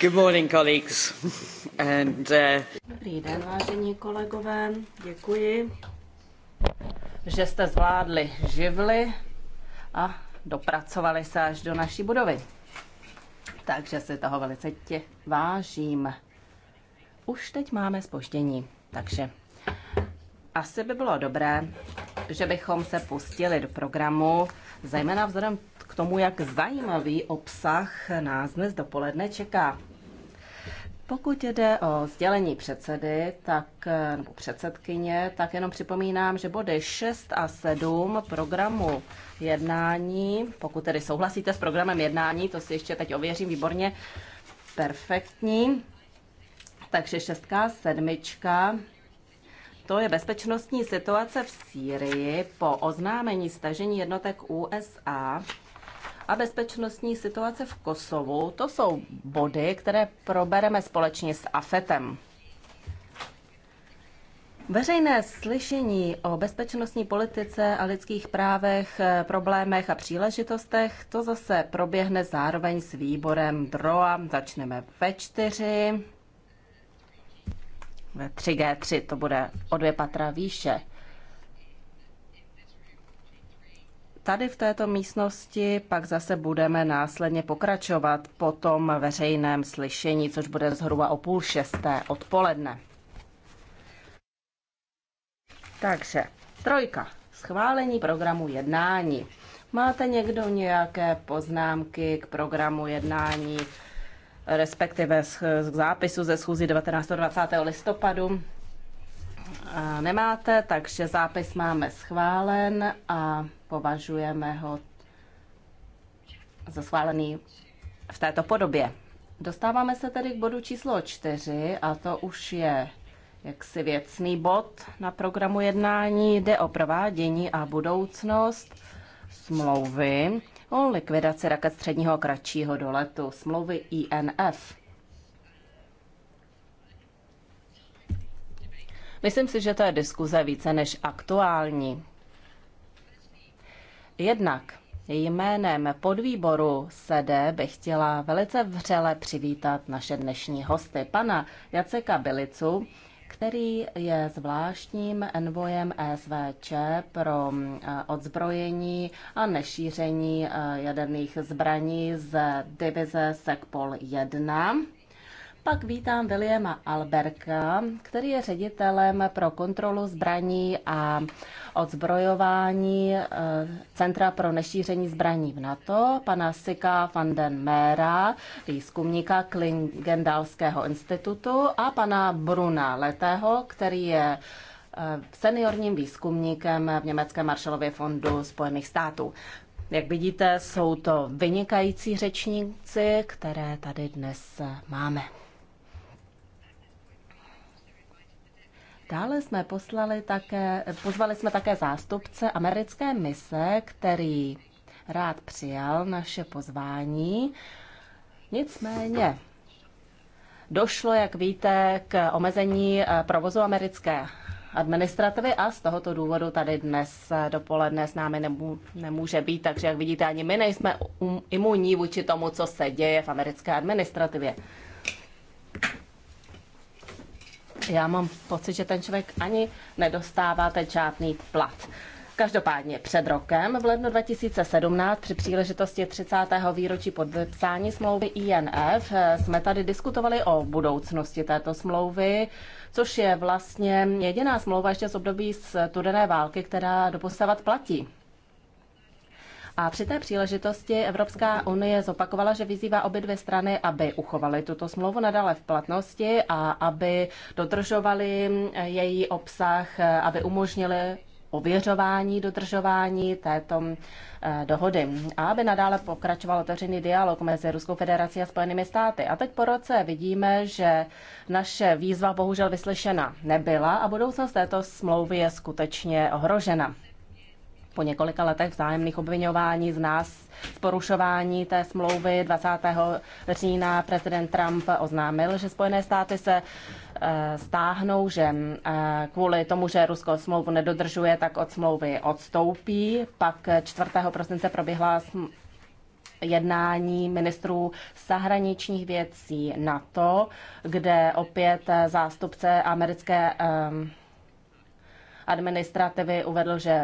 Good morning, colleagues. And, uh... Dobrý den, vážení kolegové. Děkuji, že jste zvládli živly a dopracovali se až do naší budovy. Takže si toho velice tě vážím. Už teď máme spoždění, takže asi by bylo dobré, že bychom se pustili do programu, zejména vzhledem k tomu, jak zajímavý obsah nás dnes dopoledne čeká. Pokud jde o sdělení předsedy, tak, nebo předsedkyně, tak jenom připomínám, že body 6 a 7 programu jednání, pokud tedy souhlasíte s programem jednání, to si ještě teď ověřím výborně, perfektní. Takže šestka, sedmička, to je bezpečnostní situace v Sýrii po oznámení stažení jednotek USA a bezpečnostní situace v Kosovu. To jsou body, které probereme společně s AFETem. Veřejné slyšení o bezpečnostní politice a lidských právech, problémech a příležitostech, to zase proběhne zároveň s výborem DROA. Začneme ve čtyři, ve 3G3 to bude o dvě patra výše. Tady v této místnosti pak zase budeme následně pokračovat po tom veřejném slyšení, což bude zhruba o půl šesté odpoledne. Takže trojka. Schválení programu jednání. Máte někdo nějaké poznámky k programu jednání, respektive k zápisu ze schůzi 19. 20. listopadu? Nemáte, takže zápis máme schválen a považujeme ho za schválený v této podobě. Dostáváme se tedy k bodu číslo čtyři a to už je jaksi věcný bod na programu jednání. Jde o provádění a budoucnost smlouvy o likvidaci raket středního a kratšího doletu, smlouvy INF. Myslím si, že to je diskuze více než aktuální. Jednak jménem podvýboru SEDE bych chtěla velice vřele přivítat naše dnešní hosty, pana Jaceka Bilicu, který je zvláštním envojem ESVČ pro eh, odzbrojení a nešíření eh, jaderných zbraní z divize SECPOL 1 pak vítám Williama Alberka, který je ředitelem pro kontrolu zbraní a odzbrojování eh, Centra pro nešíření zbraní v NATO, pana Sika van den Mera, výzkumníka Klingendalského institutu a pana Bruna Letého, který je eh, seniorním výzkumníkem v Německém Marshallově fondu Spojených států. Jak vidíte, jsou to vynikající řečníci, které tady dnes máme. Dále jsme poslali také, pozvali jsme také zástupce americké mise, který rád přijal naše pozvání. Nicméně došlo, jak víte, k omezení eh, provozu americké administrativy a z tohoto důvodu tady dnes eh, dopoledne s námi nemů, nemůže být, takže jak vidíte, ani my nejsme um-, imunní vůči tomu, co se děje v americké administrativě já mám pocit, že ten člověk ani nedostává ten žádný plat. Každopádně před rokem, v lednu 2017, při příležitosti 30. výročí podepsání smlouvy INF, jsme tady diskutovali o budoucnosti této smlouvy, což je vlastně jediná smlouva ještě z období studené války, která doposavat platí. A při té příležitosti Evropská unie zopakovala, že vyzývá obě dvě strany, aby uchovaly tuto smlouvu nadále v platnosti a aby dodržovali její obsah, aby umožnili ověřování dodržování této eh, dohody a aby nadále pokračoval otevřený dialog mezi Ruskou federací a Spojenými státy. A teď po roce vidíme, že naše výzva bohužel vyslyšena nebyla a budoucnost této smlouvy je skutečně ohrožena po několika letech vzájemných obvinování z nás z porušování té smlouvy 20. října prezident Trump oznámil, že Spojené státy se eh, stáhnou, že eh, kvůli tomu, že Rusko smlouvu nedodržuje, tak od smlouvy odstoupí. Pak 4. prosince proběhla jednání ministrů zahraničních věcí NATO, kde opět zástupce americké eh, administrativy uvedl, že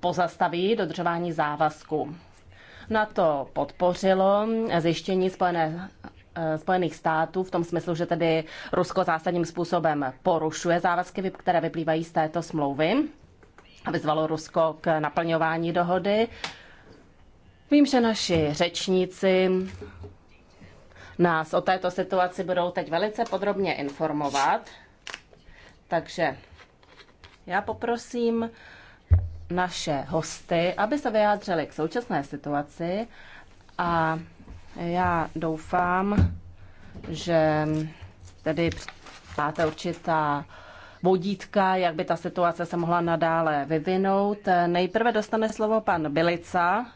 pozastaví dodržování závazku. to podpořilo zjištění Spojené, eh, Spojených států v tom smyslu, že tedy Rusko zásadním způsobem porušuje závazky, které vyplývají z této smlouvy a vyzvalo Rusko k naplňování dohody. Vím, že naši řečníci nás o této situaci budou teď velice podrobně informovat. Takže já poprosím naše hosty, aby se vyjádřili k současné situaci a já doufám, že tedy máte určitá vodítka, jak by ta situace se mohla nadále vyvinout. Nejprve dostane slovo pan Bilica,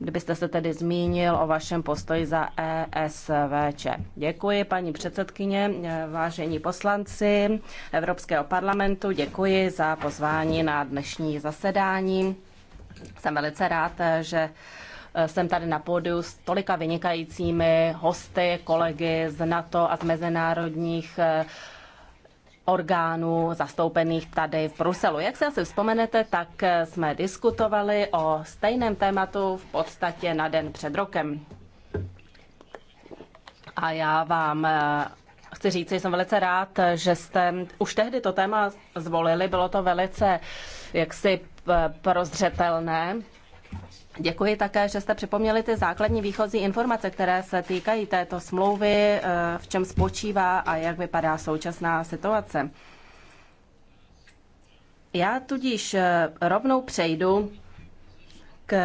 kdybyste se tedy zmínil o vašem postoji za ESVČ. Děkuji, paní předsedkyně, vážení poslanci Evropského parlamentu, děkuji za pozvání na dnešní zasedání. Jsem velice rád, že jsem tady na pódiu s tolika vynikajícími hosty, kolegy z NATO a z mezinárodních orgánů zastoupených tady v Bruselu. Jak se asi vzpomenete, tak jsme diskutovali o stejném tématu v podstatě na den před rokem. A já vám eh, chci říct, že jsem velice rád, že jste už tehdy to téma zvolili, bylo to velice jaksi eh, prozřetelné. Děkuji také, že jste připomněli ty základní výchozí informace, které se týkají této smlouvy, eh, v čem spočívá a jak vypadá současná situace. Já tudíž eh, rovnou přejdu k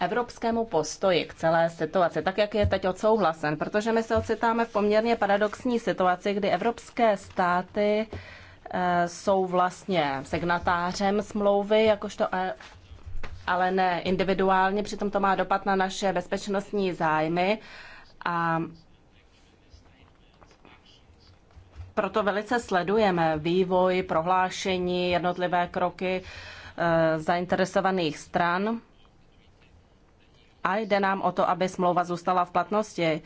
evropskému postoji k celé situaci, tak jak je teď odsouhlasen, protože my se ocitáme v poměrně paradoxní situaci, kdy evropské státy eh, jsou vlastně signatářem smlouvy, jakožto ale ne individuálně, přitom to má dopad na naše bezpečnostní zájmy a proto velice sledujeme vývoj, prohlášení, jednotlivé kroky eh, zainteresovaných stran a jde nám o to, aby smlouva zůstala v platnosti.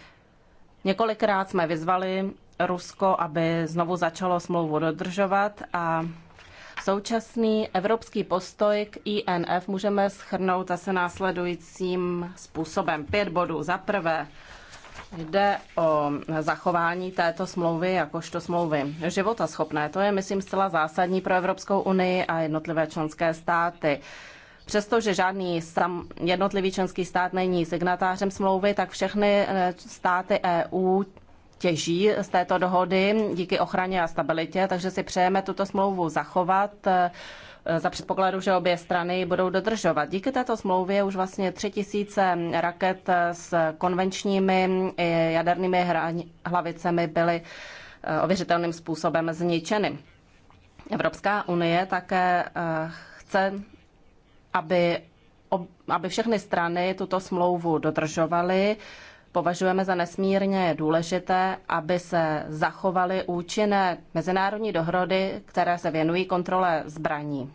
Několikrát jsme vyzvali Rusko, aby znovu začalo smlouvu dodržovat a Současný evropský postoj k INF můžeme schrnout zase následujícím způsobem. Pět bodů. Za prvé, Jde o zachování této smlouvy jakožto smlouvy života schopné. To je, myslím, zcela zásadní pro Evropskou unii a jednotlivé členské státy. Přestože žádný sam, jednotlivý členský stát není signatářem smlouvy, tak všechny eh, státy EU těží z této dohody díky ochraně a stabilitě, takže si přejeme tuto smlouvu zachovat eh, za předpokladu, že obě strany budou dodržovat. Díky této smlouvě už vlastně tři tisíce raket s konvenčními jadernými hlavicemi byly eh, ověřitelným způsobem zničeny. Evropská unie také eh, chce, aby, aby všechny strany tuto smlouvu dodržovaly považujeme za nesmírně důležité, aby se zachovaly účinné mezinárodní dohrody, které se věnují kontrole zbraní.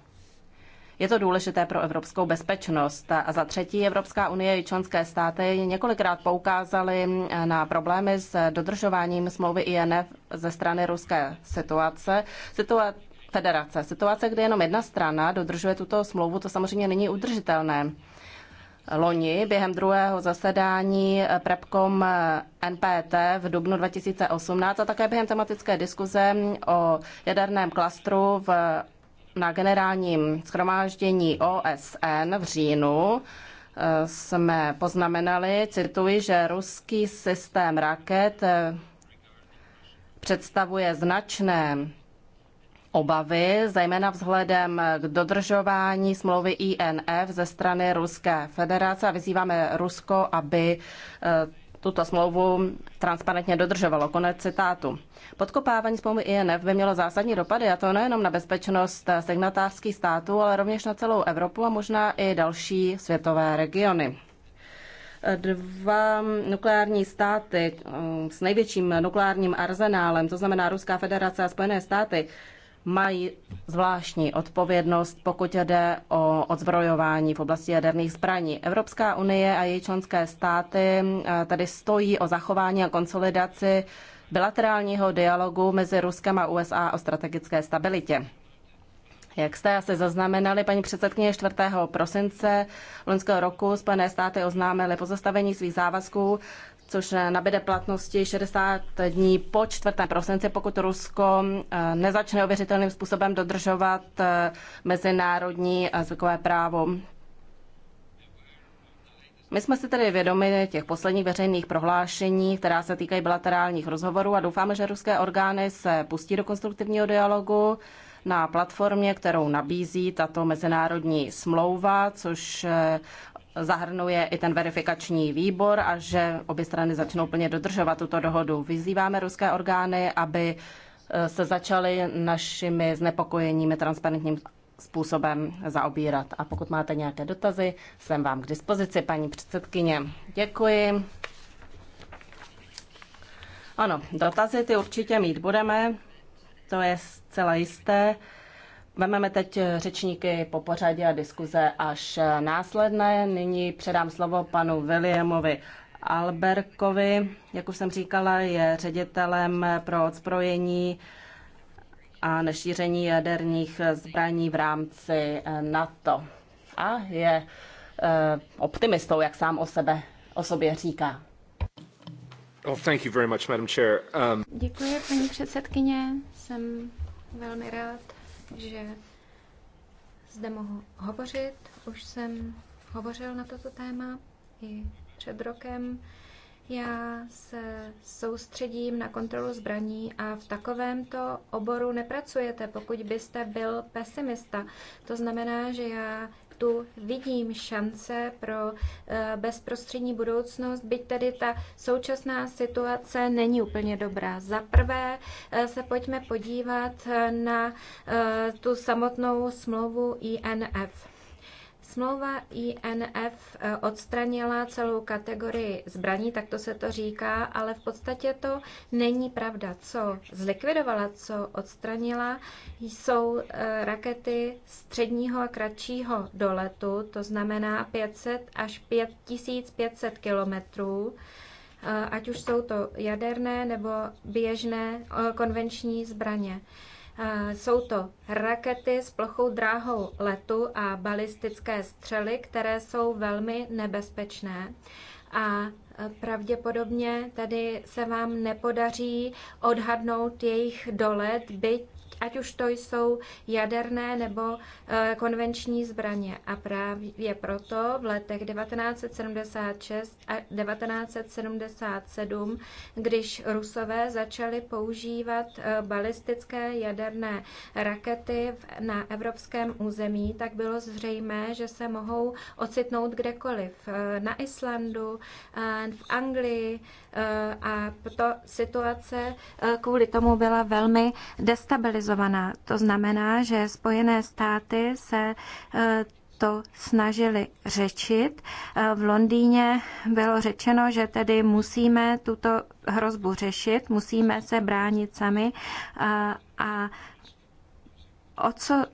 Je to důležité pro evropskou bezpečnost. A za třetí, Evropská unie i členské státy několikrát poukázaly na problémy s dodržováním smlouvy INF ze strany ruské situace. Situa- federace. Situace, kdy jenom jedna strana dodržuje tuto smlouvu, to samozřejmě není udržitelné loni během druhého zasedání Prepkom NPT v dubnu 2018 a také během tematické diskuze o jaderném klastru v, na generálním schromáždění OSN v říjnu eh, jsme poznamenali, cituji, že ruský systém raket eh, představuje značné obavy, zejména vzhledem k dodržování smlouvy INF ze strany Ruské federace a vyzýváme Rusko, aby e, tuto smlouvu transparentně dodržovalo. Konec citátu. Podkopávání smlouvy INF by mělo zásadní dopady, a to nejenom na bezpečnost signatářských států, ale rovněž na celou Evropu a možná i další světové regiony. Dva nukleární státy mm, s největším nukleárním arzenálem, to znamená Ruská federace a Spojené státy, mají zvláštní odpovědnost, pokud jde o odzbrojování v oblasti jaderných zbraní. Evropská unie a její členské státy eh, tady stojí o zachování a konsolidaci bilaterálního dialogu mezi Ruskem a USA o strategické stabilitě. Jak jste asi zaznamenali, paní předsedkyně 4. prosince loňského roku Spojené státy oznámily pozastavení svých závazků což nabede platnosti 60 dní po 4. prosince, pokud Rusko eh, nezačne ověřitelným způsobem dodržovat eh, mezinárodní eh, zvykové právo. My jsme si tedy vědomi těch posledních veřejných prohlášení, která se týkají bilaterálních rozhovorů a doufáme, že ruské orgány se pustí do konstruktivního dialogu na platformě, kterou nabízí tato mezinárodní smlouva, což zahrnuje i ten verifikační výbor a že obě strany začnou plně dodržovat tuto dohodu. Vyzýváme ruské orgány, aby e, se začaly našimi znepokojeními transparentním způsobem zaobírat. A pokud máte nějaké dotazy, jsem vám k dispozici, paní předsedkyně. Děkuji. Ano, dotazy ty určitě mít budeme, to je zcela jisté. Vememe teď eh, řečníky po pořadě a diskuze až eh, následné. Nyní předám slovo panu Williamovi Alberkovi. Jak už jsem říkala, je ředitelem eh, pro odzbrojení a nešíření jaderních zbraní v rámci NATO. A je optimistou, jak sám o, sebe, o sobě říká. Oh, thank you very much, Madam Chair. Um, Děkuji, paní předsedkyně. Jsem velmi rád, že zde mohu hovořit. Už jsem hovořil na toto téma i před rokem. Já se soustředím na kontrolu zbraní a v takovémto oboru nepracujete, pokud byste byl pesimista. To znamená, že já tu vidím šance pro eh, bezprostřední budoucnost, byť tedy ta současná situace není úplně dobrá. Za prvé eh, se pojďme podívat na eh, tu samotnou smlouvu INF. Smlouva INF eh, odstranila celou kategorii zbraní, tak to se to říká, ale v podstatě to není pravda. Co zlikvidovala, co odstranila, jsou eh, rakety středního a kratšího doletu, to znamená 500 až 5500 kilometrů eh, ať už jsou to jaderné nebo běžné konvenční zbraně. Jsou to rakety s plochou dráhou letu a balistické střely, které jsou velmi nebezpečné a pravděpodobně tady se vám nepodaří odhadnout jejich dolet, byť ať už to jsou jaderné nebo eh, konvenční zbraně. A právě proto v letech 1976 a 1977, když Rusové začali používat eh, balistické jaderné rakety na evropském území, tak bylo zřejmé, že se mohou ocitnout kdekoliv. Eh, na Islandu, v Anglii a to situace kvůli tomu byla velmi destabilizovaná prosazovaná. To znamená, že Spojené státy se eh, to snažili řečit. Eh, v Londýně bylo řečeno, že tedy musíme tuto hrozbu řešit, musíme se bránit sami a, eh, a o co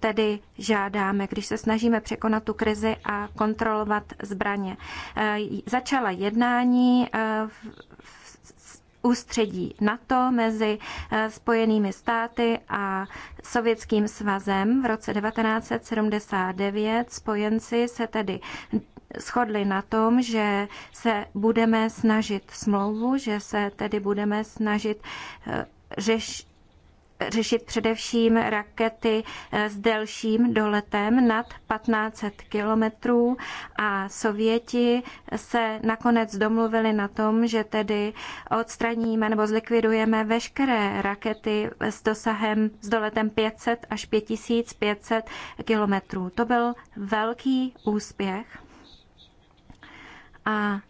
tedy žádáme, když se snažíme překonat tu krizi a kontrolovat zbraně. Začala jednání v ústředí NATO mezi eh, Spojenými státy a Sovětským svazem. V roce 1979 spojenci se tedy shodli na tom, že se budeme snažit smlouvu, že se tedy budeme snažit eh, řešit řešit především rakety eh, s delším doletem nad 1500 kilometrů a Sověti se nakonec domluvili na tom, že tedy odstraníme nebo zlikvidujeme veškeré rakety s dosahem, s doletem 500 až 5500 kilometrů. To byl velký úspěch. A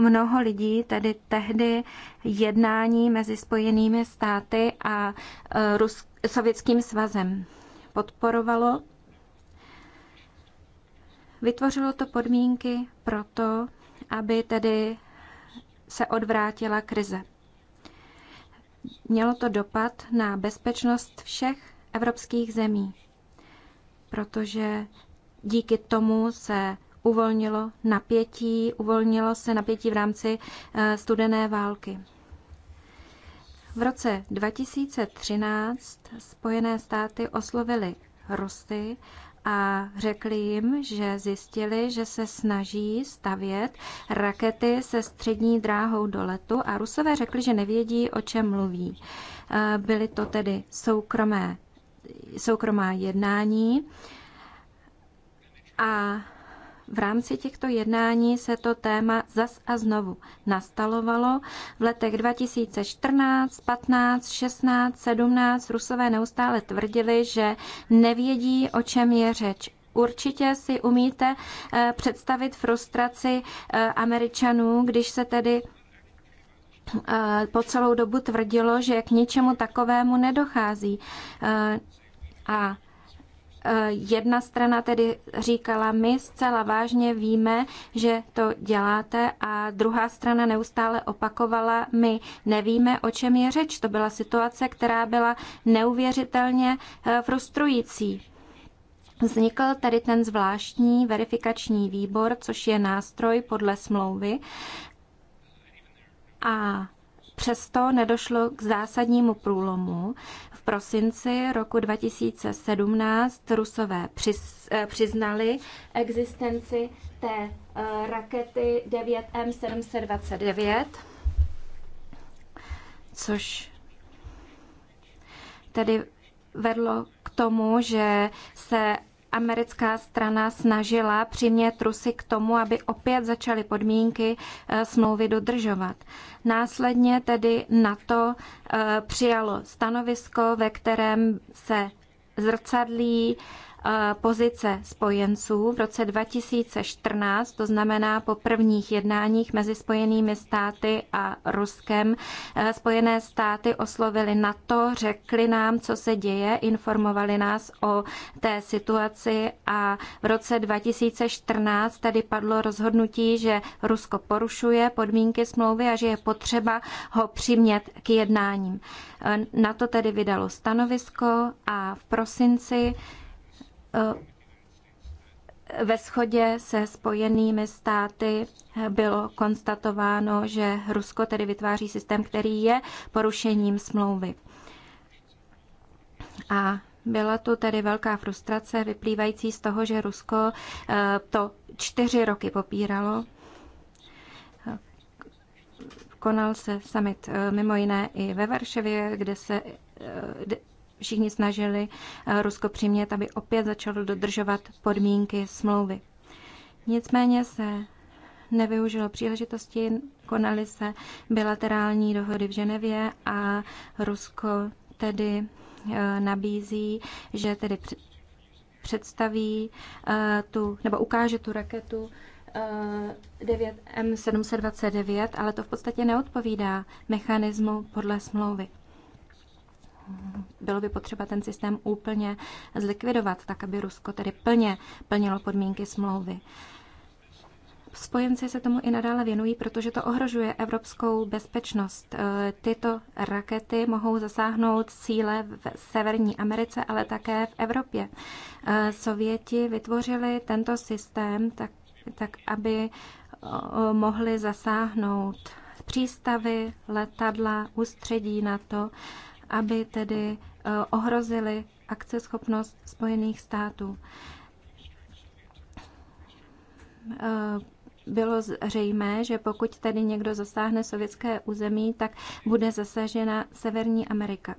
mnoho lidí tedy tehdy jednání mezi Spojenými státy a e, Rus- Sovětským svazem podporovalo. Vytvořilo to podmínky pro to, aby tedy se odvrátila krize. Mělo to dopad na bezpečnost všech evropských zemí, protože díky tomu se uvolnilo napětí, uvolnilo se napětí v rámci eh, studené války. V roce 2013 Spojené státy oslovili Rusy a řekli jim, že zjistili, že se snaží stavět rakety se střední dráhou do letu a Rusové řekli, že nevědí, o čem mluví. Eh, byly to tedy soukromé, soukromá jednání a v rámci těchto jednání se to téma zas a znovu nastalovalo. V letech 2014, 15, 16, 17 Rusové neustále tvrdili, že nevědí, o čem je řeč. Určitě si umíte eh, představit frustraci eh, Američanů, když se tedy eh, po celou dobu tvrdilo, že k ničemu takovému nedochází. A Eh, jedna strana tedy říkala, my zcela vážně víme, že to děláte a druhá strana neustále opakovala, my nevíme, o čem je řeč. To byla situace, která byla neuvěřitelně eh, frustrující. Vznikl tady ten zvláštní verifikační výbor, což je nástroj podle smlouvy. A Přesto nedošlo k zásadnímu průlomu. V prosinci roku 2017 Rusové eh, přiznali existenci té eh, rakety 9M729, což tedy vedlo k tomu, že se americká strana snažila přimět Rusy k tomu, aby opět začaly podmínky eh, smlouvy dodržovat. Následně tedy NATO eh, přijalo stanovisko, ve kterém se zrcadlí pozice spojenců v roce 2014, to znamená po prvních jednáních mezi Spojenými státy a Ruskem. Spojené státy oslovili NATO, řekli nám, co se děje, informovali nás o té situaci a v roce 2014 tady padlo rozhodnutí, že Rusko porušuje podmínky smlouvy a že je potřeba ho přimět k jednáním. Na to tedy vydalo stanovisko a v prosinci Eh, ve shodě se spojenými státy bylo konstatováno, že Rusko tedy vytváří systém, který je porušením smlouvy. A byla tu tedy velká frustrace vyplývající z toho, že Rusko eh, to čtyři roky popíralo. Konal se summit eh, mimo jiné i ve Varšavě, kde se všichni snažili eh, Rusko přimět, aby opět začalo dodržovat podmínky smlouvy. Nicméně se nevyužilo příležitosti, konaly se bilaterální dohody v Ženevě a Rusko tedy eh, nabízí, že tedy představí eh, tu, nebo ukáže tu raketu 9M729, ale to v podstatě neodpovídá mechanismu podle smlouvy bylo by potřeba ten systém úplně zlikvidovat, tak aby Rusko tedy plně plnilo podmínky smlouvy. Spojenci se tomu i nadále věnují, protože to ohrožuje evropskou bezpečnost. E, tyto rakety mohou zasáhnout cíle v Severní Americe, ale také v Evropě. E, Sověti vytvořili tento systém tak, tak aby mohli zasáhnout přístavy, letadla, ústředí na to aby tedy eh, ohrozili akceschopnost Spojených států. Eh, bylo zřejmé, že pokud tedy někdo zasáhne sovětské území, tak bude zasažena Severní Amerika.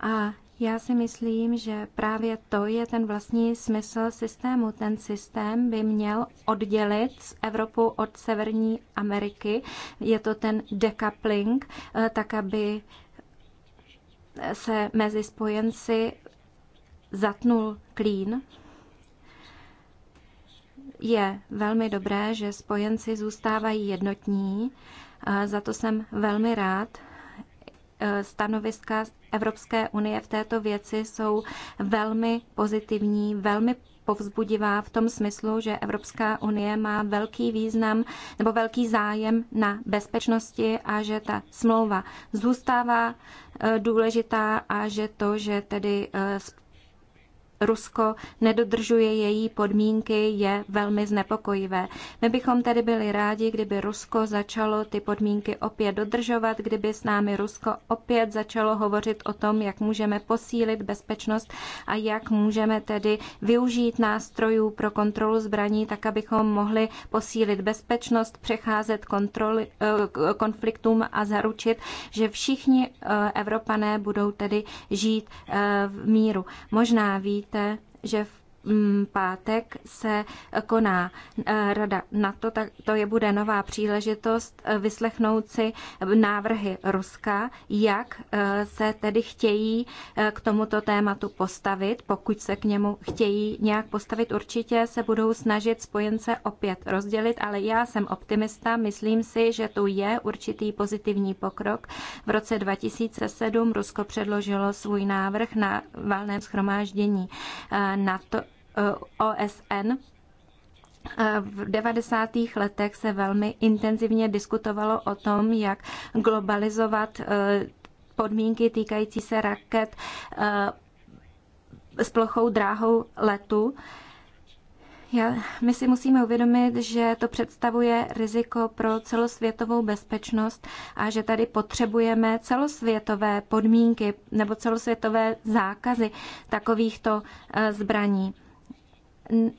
A já si myslím, že právě to je ten vlastní smysl systému. Ten systém by měl oddělit z Evropu od Severní Ameriky. Je to ten decoupling, eh, tak aby se mezi spojenci zatnul klín. Je velmi dobré, že spojenci zůstávají jednotní, za to jsem velmi rád. E, stanoviska Evropské unie v této věci jsou velmi pozitivní, velmi povzbudivá v tom smyslu, že Evropská unie má velký význam nebo velký zájem na bezpečnosti a že ta smlouva zůstává eh, důležitá a že to, že tedy eh, Rusko nedodržuje její podmínky, je velmi znepokojivé. My bychom tedy byli rádi, kdyby Rusko začalo ty podmínky opět dodržovat, kdyby s námi Rusko opět začalo hovořit o tom, jak můžeme posílit bezpečnost a jak můžeme tedy využít nástrojů pro kontrolu zbraní, tak abychom mohli posílit bezpečnost, přecházet kontroli, eh, konfliktům a zaručit, že všichni eh, Evropané budou tedy žít eh, v míru. Možná víc, víte, že v Mm, pátek se koná eh, Rada NATO, tak to je bude nová příležitost eh, vyslechnout si návrhy Ruska, jak eh, se tedy chtějí k tomuto tématu postavit, pokud se k němu chtějí nějak postavit. Určitě se budou snažit spojence opět rozdělit, ale já jsem optimista, myslím si, že tu je určitý pozitivní pokrok. V roce 2007 Rusko předložilo svůj návrh na valném schromáždění NATO, Eh, OSN. Eh, v 90. letech se velmi intenzivně diskutovalo o tom, jak globalizovat eh, podmínky týkající se raket s plochou dráhou letu. Já, my si musíme uvědomit, že to představuje riziko pro celosvětovou bezpečnost a že tady potřebujeme celosvětové podmínky nebo celosvětové zákazy takovýchto zbraní. N-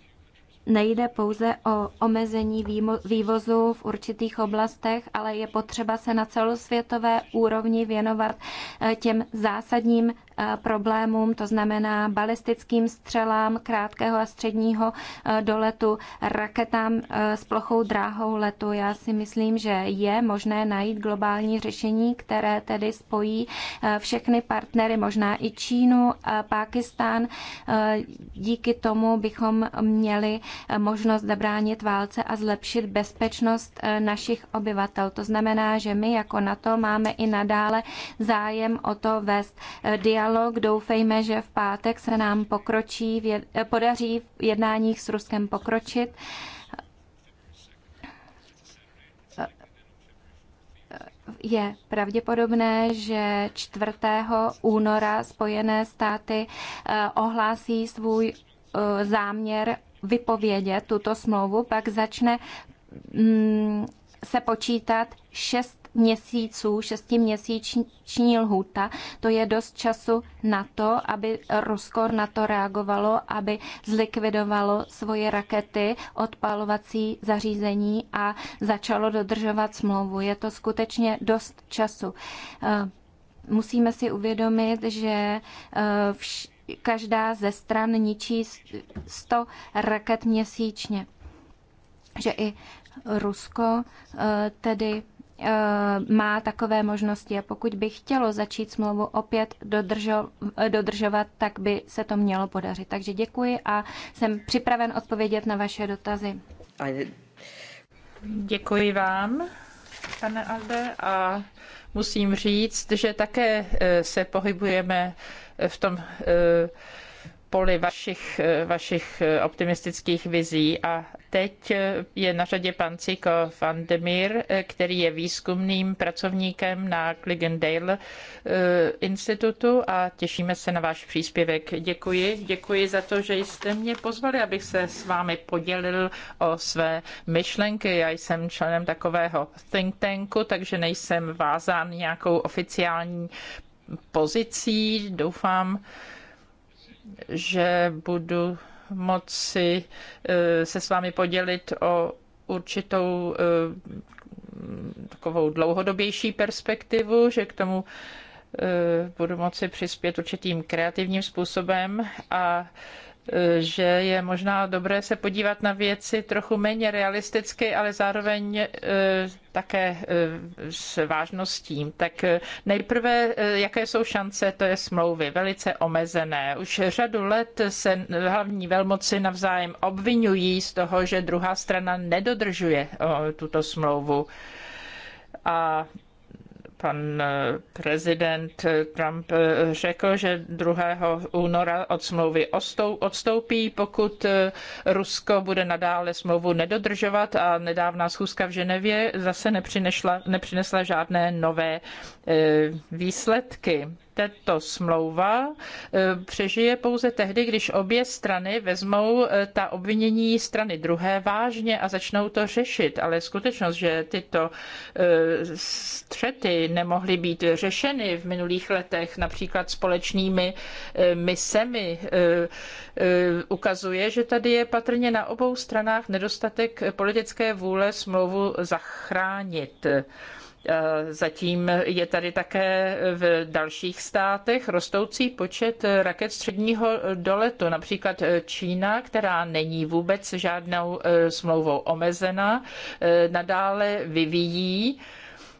nejde pouze o omezení vývozu v určitých oblastech, ale je potřeba se na celosvětové úrovni věnovat eh, těm zásadním eh, problémům, to znamená balistickým střelám krátkého a středního eh, doletu, raketám s plochou dráhou letu. Já si myslím, že je možné najít globální řešení, které tedy spojí všechny partnery, možná i Čínu, Pákistán. Díky tomu bychom měli Eh, možnost zabránit válce a zlepšit bezpečnost eh, našich obyvatel. To znamená, že my jako NATO máme i nadále zájem o to vést eh, dialog. Doufejme, že v pátek se nám pokročí, podaří v jednáních s Ruskem pokročit. je pravděpodobné, že 4. února Spojené státy ohlásí svůj záměr vypovědět tuto smlouvu, pak začne mm, se počítat šest měsíců, šestiměsíční lhůta. To je dost času na to, aby Rusko na to reagovalo, aby zlikvidovalo svoje rakety, odpalovací zařízení a začalo dodržovat smlouvu. Je to skutečně dost času. Eh, musíme si uvědomit, že eh, vš- každá ze stran ničí 100 raket měsíčně. Že i Rusko eh, tedy eh, má takové možnosti a pokud by chtělo začít smlouvu opět dodržovat, tak by se to mělo podařit. Takže děkuji a jsem připraven odpovědět na vaše dotazy. Děkuji vám, pane Alde, a musím říct, že také eh, se pohybujeme v tom eh, poli vašich, vašich optimistických vizí. A teď je na řadě pan Ciko van de Meer, který je výzkumným pracovníkem na Kligendale eh, institutu a těšíme se na váš příspěvek. Děkuji, děkuji za to, že jste mě pozvali, abych se s vámi podělil o své myšlenky. Já jsem členem takového think tanku, takže nejsem vázán nějakou oficiální pozicí, doufám, že budu moci eh, se s vámi podělit o určitou eh, takovou dlouhodobější perspektivu, že k tomu eh, budu moci přispět určitým kreativním způsobem a že je možná dobré se podívat na věci trochu méně realisticky, ale zároveň eh, také eh, s vážností. Tak eh, nejprve, jaké jsou šance, to je smlouvy, velice omezené. Už řadu let se hlavní velmoci navzájem obvinují z toho, že druhá strana nedodržuje tuto smlouvu. A pan eh, prezident eh, Trump eh, řekl, že 2. února od smlouvy odstoupí, pokud Rusko bude nadále smlouvu nedodržovat a nedávná schůzka v Ženevě zase nepřinesla žádné nové výsledky tato smlouva eh, přežije pouze tehdy, když obě strany vezmou eh, ta obvinění strany druhé vážně a začnou to řešit. Ale skutečnost, že tyto eh, střety nemohly být řešeny v minulých letech, například společnými misemi, ukazuje, že tady je patrně na obou stranách nedostatek politické vůle smlouvu zachránit. Eh, zatím je tady také v dalších státech rostoucí počet raket středního doletu, například eh, Čína, která není vůbec žádnou eh, smlouvou omezena, nadále vyvíjí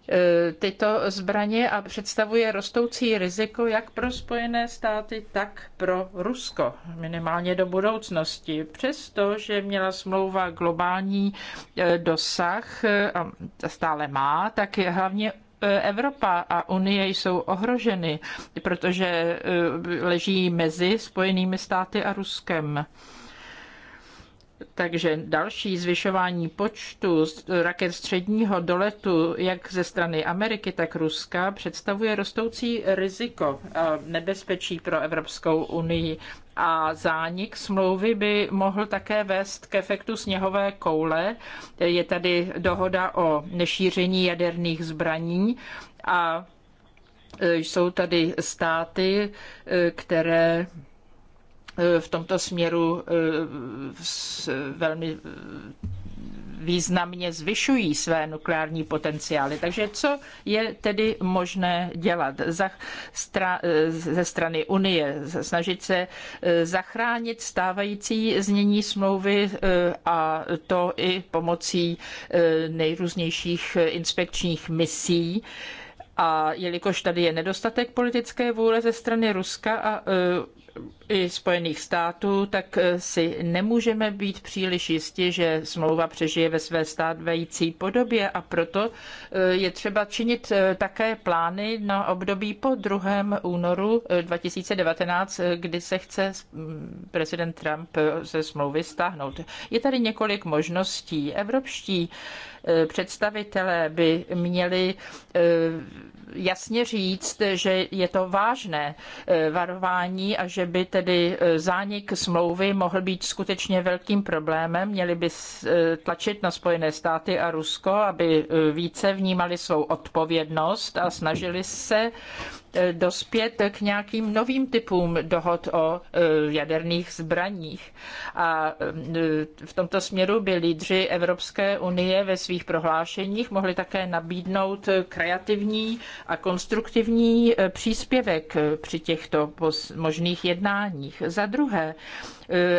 E, tyto zbraně a představuje rostoucí riziko jak pro Spojené státy, tak pro Rusko, minimálně do budoucnosti. že měla smlouva globální e, dosah e, a stále má, tak je hlavně Evropa a Unie jsou ohroženy, protože leží mezi Spojenými státy a Ruskem. Takže další zvyšování počtu raket středního doletu, jak ze strany Ameriky, tak Ruska, představuje rostoucí riziko eh, nebezpečí pro Evropskou unii. A zánik smlouvy by mohl také vést k efektu sněhové koule. Je tady dohoda o nešíření jaderných zbraní a eh, jsou tady státy, eh, které Eh, v tomto směru eh, velmi eh, významně zvyšují své nukleární potenciály. Takže co je tedy možné dělat ze strany Unie? Snažit se zachránit stávající znění smlouvy a to i pomocí nejrůznějších inspekčních misí. A jelikož tady je nedostatek politické vůle ze strany Ruska a i Spojených států, tak eh, si nemůžeme být příliš jisti, že smlouva přežije ve své stávající podobě a proto eh, je třeba činit eh, také plány na období po 2. únoru 2019, kdy se chce mm, prezident Trump ze smlouvy stáhnout. Je tady několik možností. Evropští představitelé by měli jasně říct, že je to vážné varování a že by tedy e, zánik smlouvy mohl být skutečně velkým problémem. Měli by e, tlačit na Spojené státy a Rusko, aby e, více vnímali svou odpovědnost a snažili se dospět k nějakým novým typům dohod o e, jaderných zbraních. A e, v tomto směru by lídři Evropské unie ve svých prohlášeních mohli také nabídnout kreativní a konstruktivní e, příspěvek při těchto možných jednáních. Za druhé,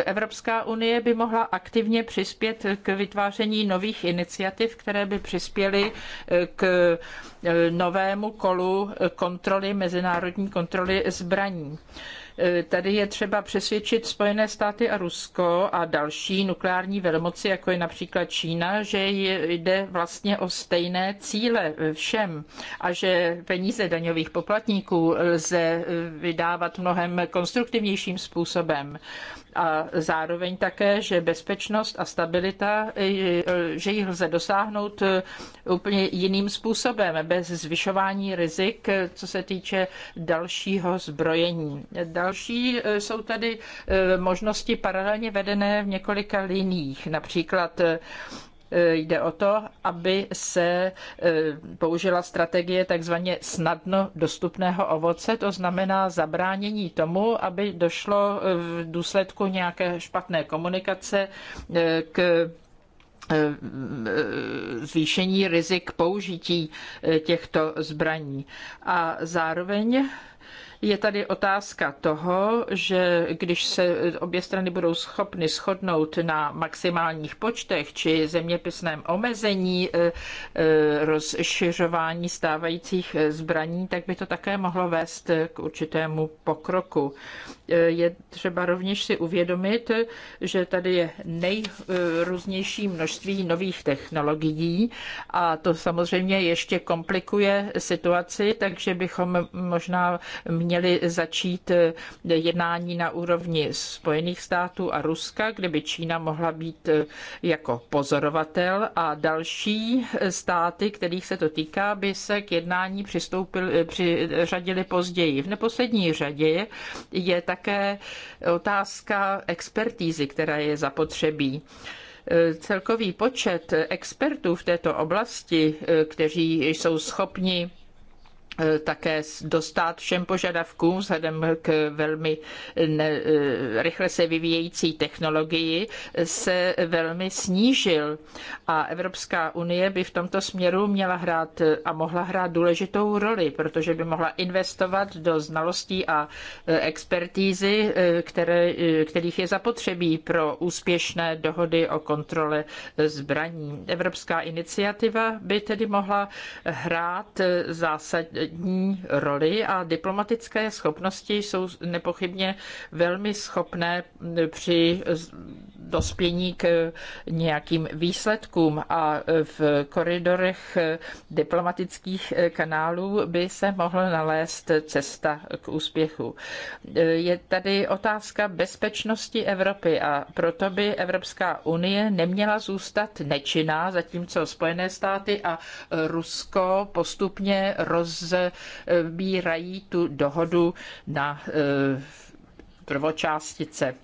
Evropská unie by mohla aktivně přispět k vytváření nových iniciativ, které by přispěly k Eh, novému kolu kontroly, mezinárodní kontroly zbraní. Eh, tady je třeba přesvědčit Spojené státy a Rusko a další nukleární velmoci, jako je například Čína, že jde vlastně o stejné cíle všem a že peníze daňových poplatníků lze eh, vydávat mnohem konstruktivnějším způsobem a zároveň také, že bezpečnost a stabilita, že jich lze dosáhnout e, úplně jiným způsobem, bez zvyšování rizik, e, co se týče dalšího zbrojení. Další e, jsou tady možnosti paralelně vedené v několika liniích, například E, jde o to, aby se e, použila strategie takzvaně snadno dostupného ovoce, to znamená zabránění tomu, aby došlo e, v důsledku nějaké špatné komunikace k zvýšení rizik použití těchto zbraní. A zároveň je tady otázka toho, že když se obě strany budou schopny shodnout na maximálních počtech či zeměpisném omezení eh, eh, rozšiřování stávajících eh, zbraní, tak by to také mohlo vést k určitému pokroku je třeba rovněž si uvědomit, že tady je nejrůznější množství nových technologií a to samozřejmě ještě komplikuje situaci, takže bychom možná měli začít jednání na úrovni Spojených států a Ruska, kde by Čína mohla být jako pozorovatel a další státy, kterých se to týká, by se k jednání přistoupili, přiřadili později. V neposlední řadě je tak také otázka expertízy, která je zapotřebí celkový počet expertů v této oblasti, kteří jsou schopni Eh, také dostat všem požadavkům vzhledem k velmi ne, eh, rychle se vyvíjející technologii, se velmi snížil. A Evropská unie by v tomto směru měla hrát eh, a mohla hrát důležitou roli, protože by mohla investovat do znalostí a expertízy, které, kterých je zapotřebí pro úspěšné dohody o kontrole zbraní. Evropská iniciativa by tedy mohla hrát zásadní solidní roli a diplomatické schopnosti jsou nepochybně velmi schopné při dospění k nějakým výsledkům a v koridorech diplomatických kanálů by se mohla nalézt cesta k úspěchu. Je tady otázka bezpečnosti Evropy a proto by Evropská unie neměla zůstat nečinná, zatímco Spojené státy a Rusko postupně roz rozebírají eh, tu dohodu na eh, prvočástice.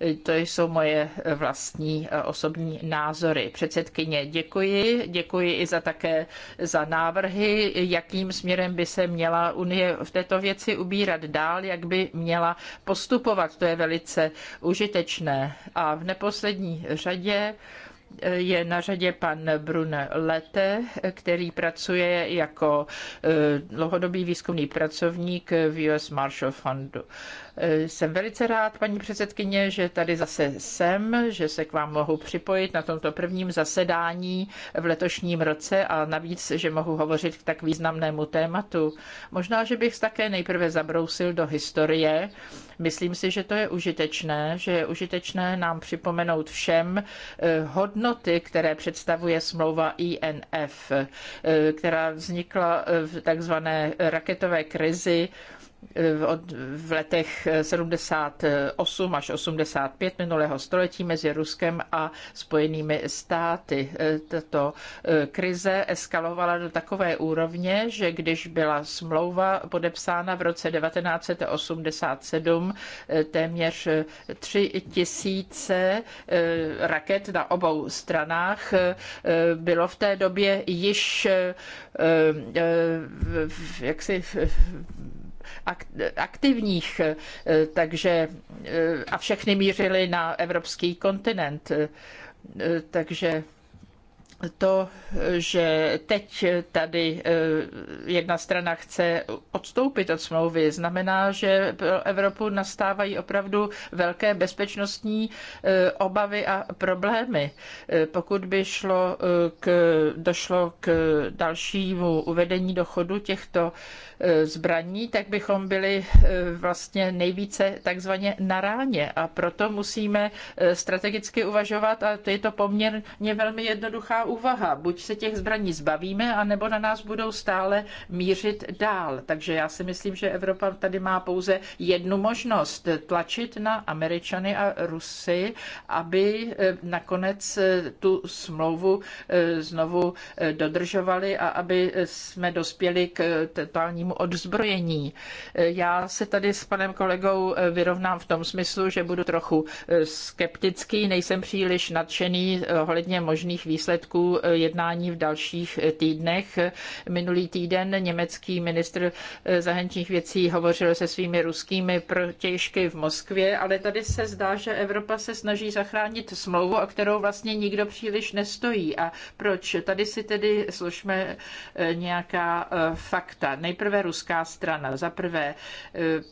Eh, to jsou moje vlastní osobní názory. Předsedkyně, děkuji. Děkuji i za také za návrhy, jakým směrem by se měla Unie v této věci ubírat dál, jak by měla postupovat. To je velice užitečné. A v neposlední řadě je na řadě pan Brune Lete, který pracuje jako eh, dlouhodobý výzkumný pracovník v US Marshall Fundu. Eh, jsem velice rád, paní předsedkyně, že tady zase jsem, že se k vám mohu připojit na tomto prvním zasedání v letošním roce a navíc, že mohu hovořit k tak významnému tématu. Možná, že bych také nejprve zabrousil do historie. Myslím si, že to je užitečné, že je užitečné nám připomenout všem eh, hodnoty, které představuje smlouva INF, eh, která vznikla v takzvané raketové krizi v letech 78 až 85 minulého století mezi Ruskem a Spojenými státy. Tato e, krize eskalovala do takové úrovně, že když byla smlouva podepsána v roce 1987, e, téměř 3 tisíce e, raket na obou stranách bylo v té době již jaksi aktivních, eh, takže eh, a všechny mířily na evropský kontinent. Eh, takže to, že teď tady eh, jedna strana chce odstoupit od smlouvy, znamená, že pro Evropu nastávají opravdu velké bezpečnostní eh, obavy a problémy. Eh, pokud by šlo k, došlo k dalšímu uvedení do chodu těchto zbraní, tak bychom byli vlastně nejvíce takzvaně na ráně a proto musíme strategicky uvažovat a to je to poměrně velmi jednoduchá úvaha. Buď se těch zbraní zbavíme, anebo na nás budou stále mířit dál. Takže já si myslím, že Evropa tady má pouze jednu možnost tlačit na Američany a Rusy, aby eh, nakonec eh, tu smlouvu eh, znovu dodržovali a aby jsme dospěli k totálnímu odzbrojení. Já se tady s panem kolegou vyrovnám v tom smyslu, že budu trochu skeptický, nejsem příliš nadšený ohledně možných výsledků výsledků eh, jednání v dalších eh, týdnech. Minulý týden německý ministr eh, zahraničních věcí hovořil se svými ruskými protějšky v Moskvě, ale tady se zdá, že Evropa se snaží zachránit smlouvu, o kterou vlastně nikdo příliš nestojí. A proč? Tady si tedy složme nějaká fakta. Nejprve ruská strana. Za prvé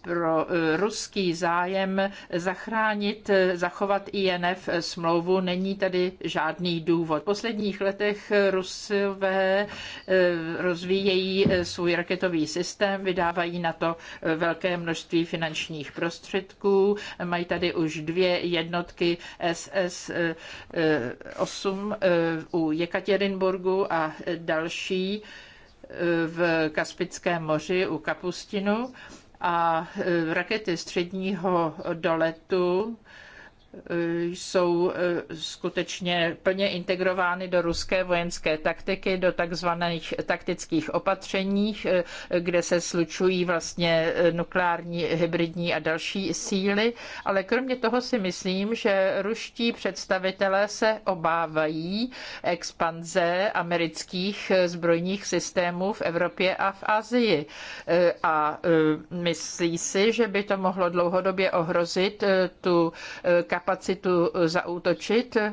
pro ruský zájem zachránit, zachovat INF smlouvu není tady žádný důvod. Poslední posledních letech Rusové eh, rozvíjejí eh, svůj raketový systém, vydávají na to eh, velké množství finančních prostředků. Mají tady už dvě jednotky SS-8 u Jekaterinburgu a další v Kaspickém moři u Kapustinu a rakety středního doletu jsou eh, skutečně plně integrovány do ruské vojenské taktiky, do takzvaných taktických opatřeních, eh, kde se slučují vlastně eh, nukleární, hybridní a další síly. Ale kromě toho si myslím, že ruští představitelé se obávají expanze amerických zbrojních systémů v Evropě a v Asii. A myslí si, že by to mohlo dlouhodobě ohrozit tu kapacitu kapacitu eh, zaútočit eh,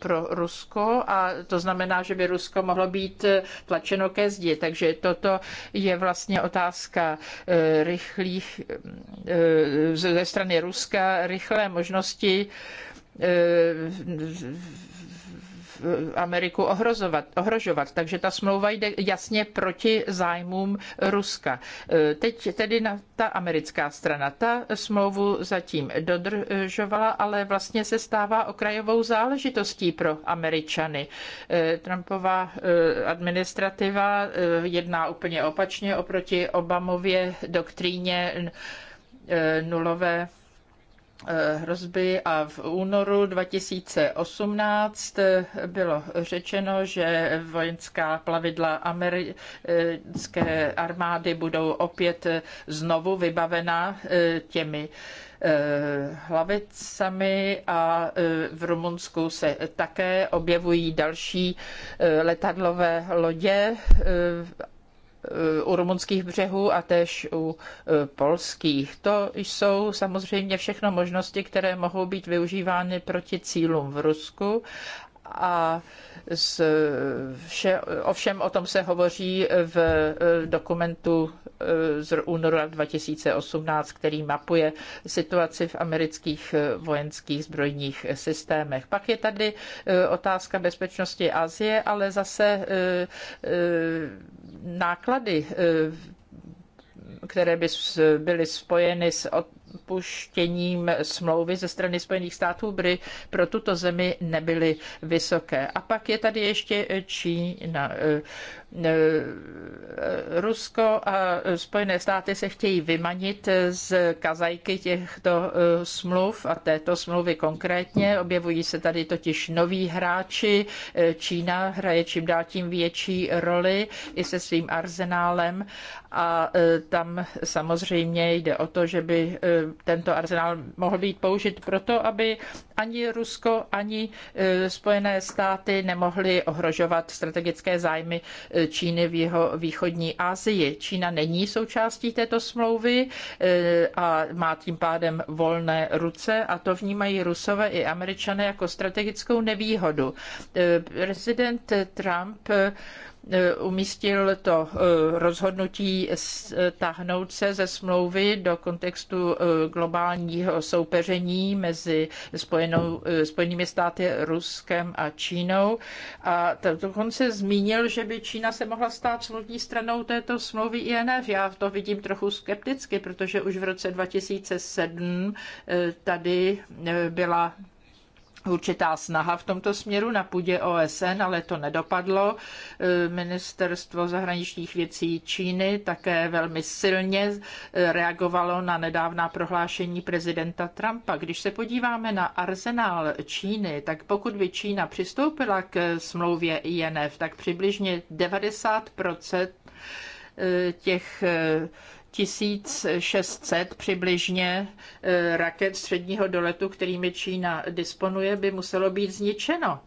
pro Rusko a to znamená, že by Rusko mohlo být eh, tlačeno ke zdi. Takže toto je vlastně otázka rychlých ze strany Ruska, rychlé možnosti Ameriku ohrozovat, ohrožovat. Takže ta smlouva jde jasně proti zájmům Ruska. E, teď tedy na ta americká strana. Ta smlouvu zatím dodržovala, ale vlastně se stává okrajovou záležitostí pro Američany. E, Trumpova e, administrativa jedná úplně opačně oproti Obamově doktríně nulové Eh, hrozby a v únoru 2018 eh, bylo řečeno, že vojenská plavidla americké armády budou opět eh, znovu vybavena těmi hlavicami a v Rumunsku se také objevují další letadlové lodě Eh, u rumunských břehů a též u eh, polských. To jsou samozřejmě všechno možnosti, které mohou být využívány proti cílům v Rusku a s vše, ovšem o tom se hovoří v eh, dokumentu eh, z února 2018, který mapuje situaci v amerických eh, vojenských zbrojních systémech. Pak je tady otázka bezpečnosti Asie, ale zase náklady které by byly spojeny s opuštěním smlouvy ze strany Spojených států by pro tuto zemi nebyly vysoké. A pak je tady ještě Čína. Rusko a Spojené státy se chtějí vymanit z kazajky těchto eh, smluv a této smlouvy konkrétně. Objevují se tady totiž noví hráči. Eh, Čína hraje čím dál tím větší roli i se svým arzenálem a eh, tam samozřejmě jde o to, že by tento arzenál mohl být použit proto, aby ani Rusko, ani e, Spojené státy nemohly ohrožovat strategické zájmy e, Číny v jeho východní Asii. Čína není součástí této smlouvy e, a má tím pádem volné ruce a to vnímají Rusové i Američané jako strategickou nevýhodu. Prezident Trump E, umístil to e, rozhodnutí stáhnout se ze smlouvy do kontextu e, globálního soupeření mezi Spojenou, Spojenými státy, Ruskem a Čínou. A dokonce zmínil, že by Čína se mohla stát smluvní stranou této smlouvy INF. Já to vidím trochu skepticky, protože už v roce 2007 tady byla určitá snaha v tomto směru na půdě OSN, ale to nedopadlo. Eh, Ministerstvo zahraničních věcí Číny také velmi silně eh, reagovalo na nedávná prohlášení prezidenta Trumpa. Když se podíváme na arzenál Číny, tak pokud by Čína přistoupila k eh, smlouvě INF, tak přibližně 90 těch 1600 přibližně eh, raket středního doletu, kterými Čína disponuje, by muselo být zničeno.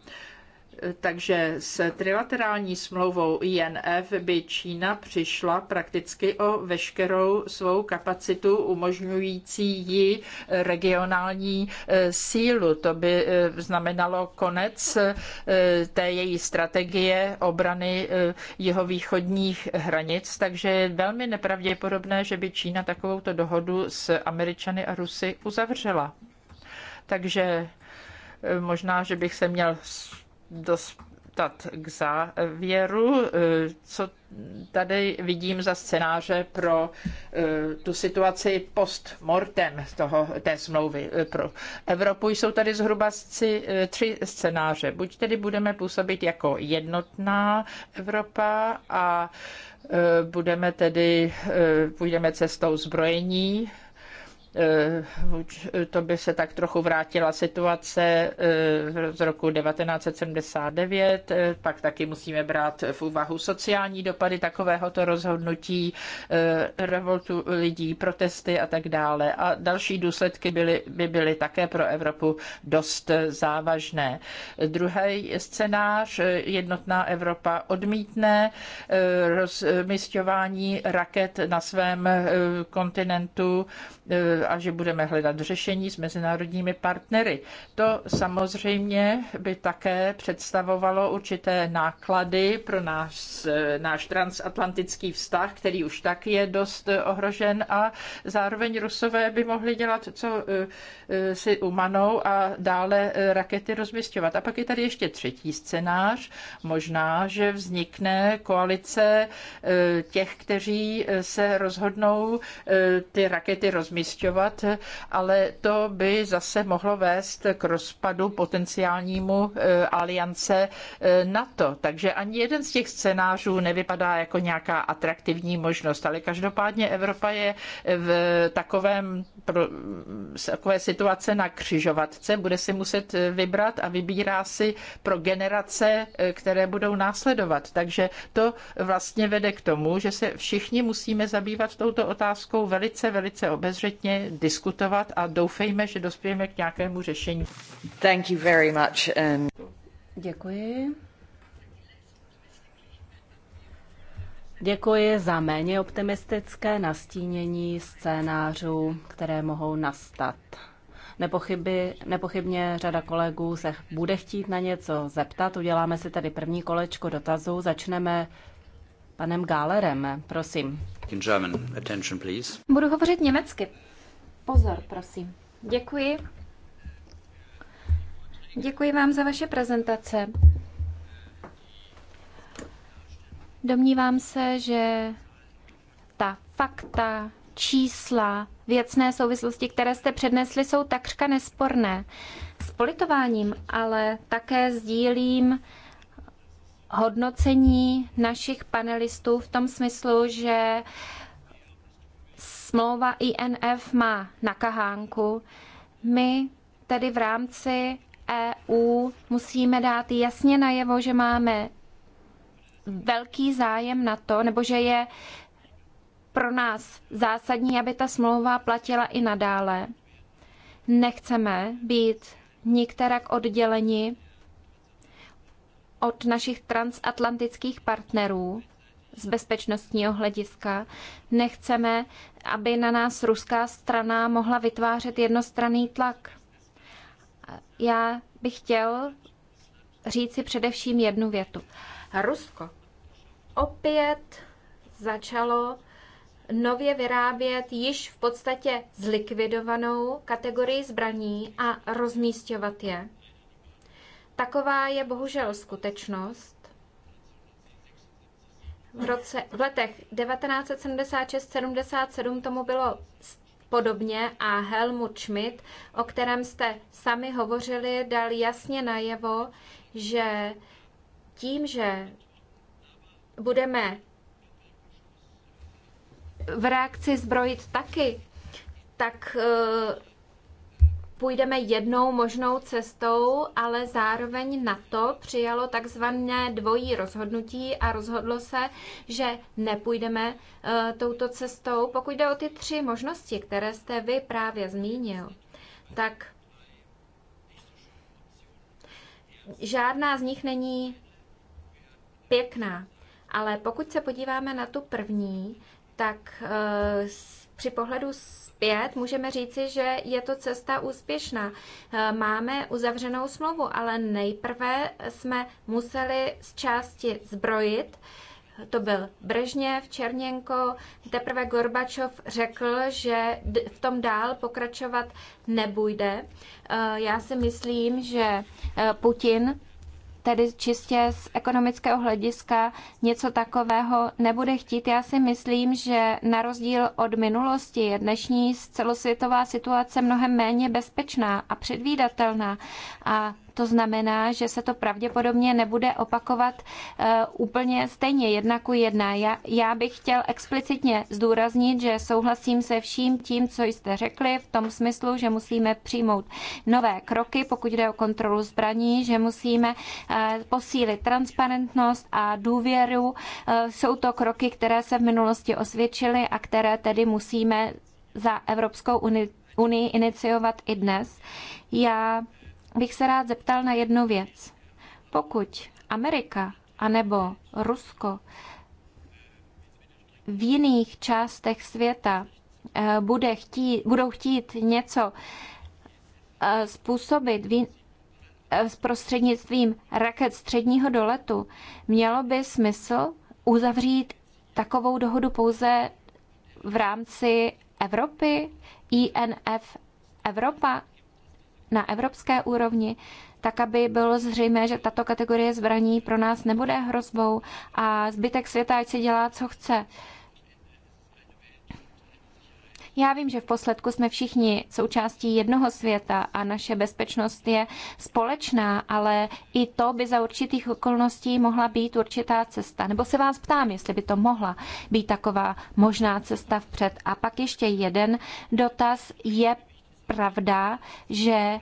Takže s trilaterální smlouvou INF by Čína přišla prakticky o veškerou svou kapacitu umožňující ji regionální e, sílu. To by e, znamenalo konec e, té její strategie obrany jeho východních hranic, takže je velmi nepravděpodobné, že by Čína takovouto dohodu s Američany a Rusy uzavřela. Takže možná, že bych se měl dostat k závěru, eh, co tady vidím za scénáře pro eh, tu situaci post-mortem toho, té smlouvy eh, pro Evropu. Jsou tady zhruba tři scénáře. Buď tedy budeme působit jako jednotná Evropa a budeme tedy, půjdeme cestou zbrojení Eh, eh, to by se tak trochu vrátila situace eh, z roku 1979, pak taky musíme brát v úvahu sociální dopady takovéhoto rozhodnutí, revoltu lidí, protesty a tak dále. A další důsledky byly, by byly také pro Evropu dost závažné. Druhý scénář, jednotná Evropa odmítne rozmysťování raket na svém kontinentu a že budeme hledat řešení s mezinárodními partnery. To samozřejmě by také představovalo určité náklady pro náš, náš transatlantický vztah, který už tak je dost ohrožen a zároveň Rusové by mohli dělat, co Eh, si umanou a dále eh, rakety rozměstňovat. A pak je tady ještě třetí scénář. Možná, že vznikne koalice eh, těch, kteří se rozhodnou ty rakety rozměstňovat, ale to by zase mohlo vést k rozpadu potenciálnímu aliance NATO. Takže ani jeden z těch scénářů nevypadá jako nějaká atraktivní možnost, ale každopádně Evropa je v takovém, takové situaci, situace na křižovatce, bude si muset eh, vybrat a vybírá si pro generace, eh, které budou následovat. Takže to vlastně vede k tomu, že se všichni musíme zabývat touto otázkou velice, velice obezřetně, diskutovat a doufejme, že dospějeme k nějakému řešení. Thank you very much. And... Um, Děkuji. Děkuji za méně optimistické nastínění scénářů, které mohou nastat. Nepochyby, nepochybně řada kolegů se bude chtít na něco zeptat. Uděláme si tady první kolečko dotazů. Začneme panem Gálerem, prosím. In German. Attention, please. Budu hovořit německy. Pozor, prosím. Děkuji. Děkuji vám za vaše prezentace. Domnívám se, že ta fakta, čísla, věcné souvislosti, které jste přednesli, jsou takřka nesporné. S politováním ale také sdílím hodnocení našich panelistů v tom smyslu, že smlouva INF má na kahánku. My tedy v rámci EU musíme dát jasně najevo, že máme velký zájem na to, nebo že je pro nás zásadní, aby ta smlouva platila i nadále. Nechceme být nikterak odděleni od našich transatlantických partnerů z bezpečnostního hlediska. Nechceme, aby na nás ruská strana mohla vytvářet jednostranný tlak. Já bych chtěl říci především jednu větu. Rusko opět začalo nově vyrábět již v podstatě zlikvidovanou kategorii zbraní a rozmístěvat je. Taková je bohužel skutečnost. V, roce, v letech 1976-77 tomu bylo podobně a Helmut Schmidt, o kterém jste sami hovořili, dal jasně najevo, že tím, že budeme v reakci zbrojit taky, tak eh, půjdeme jednou možnou cestou, ale zároveň na to přijalo takzvané dvojí rozhodnutí a rozhodlo se, že nepůjdeme eh, touto cestou. Pokud jde o ty tři možnosti, které jste vy právě zmínil, tak žádná z nich není pěkná. Ale pokud se podíváme na tu první, tak eh, při pohledu zpět můžeme říci, že je to cesta úspěšná. Eh, máme uzavřenou smlouvu, ale nejprve jsme museli z části zbrojit. To byl Brežněv, Černěnko, teprve Gorbačov řekl, že v tom dál pokračovat nebude. Eh, já si myslím, že Putin tedy čistě z ekonomického hlediska něco takového nebude chtít. Já si myslím, že na rozdíl od minulosti je dnešní celosvětová situace mnohem méně bezpečná a předvídatelná a to znamená, že se to pravděpodobně nebude opakovat eh, úplně stejně jedna ku jedna. Já, já bych chtěl explicitně zdůraznit, že souhlasím se vším tím, co jste řekli, v tom smyslu, že musíme přijmout nové kroky, pokud jde o kontrolu zbraní, že musíme eh, posílit transparentnost a důvěru. Eh, jsou to kroky, které se v minulosti osvědčily a které tedy musíme za Evropskou unii iniciovat i dnes. Já bych se rád zeptal na jednu věc. Pokud Amerika anebo Rusko v jiných částech světa eh, bude chtít, budou chtít něco eh, způsobit eh, s prostřednictvím raket středního doletu, mělo by smysl uzavřít takovou dohodu pouze v rámci Evropy, INF Evropa, na evropské úrovni, tak aby bylo zřejmé, že tato kategorie zbraní pro nás nebude hrozbou a zbytek světa, ať si dělá, co chce. Já vím, že v posledku jsme všichni součástí jednoho světa a naše bezpečnost je společná, ale i to by za určitých okolností mohla být určitá cesta. Nebo se vás ptám, jestli by to mohla být taková možná cesta vpřed. A pak ještě jeden dotaz je pravda, že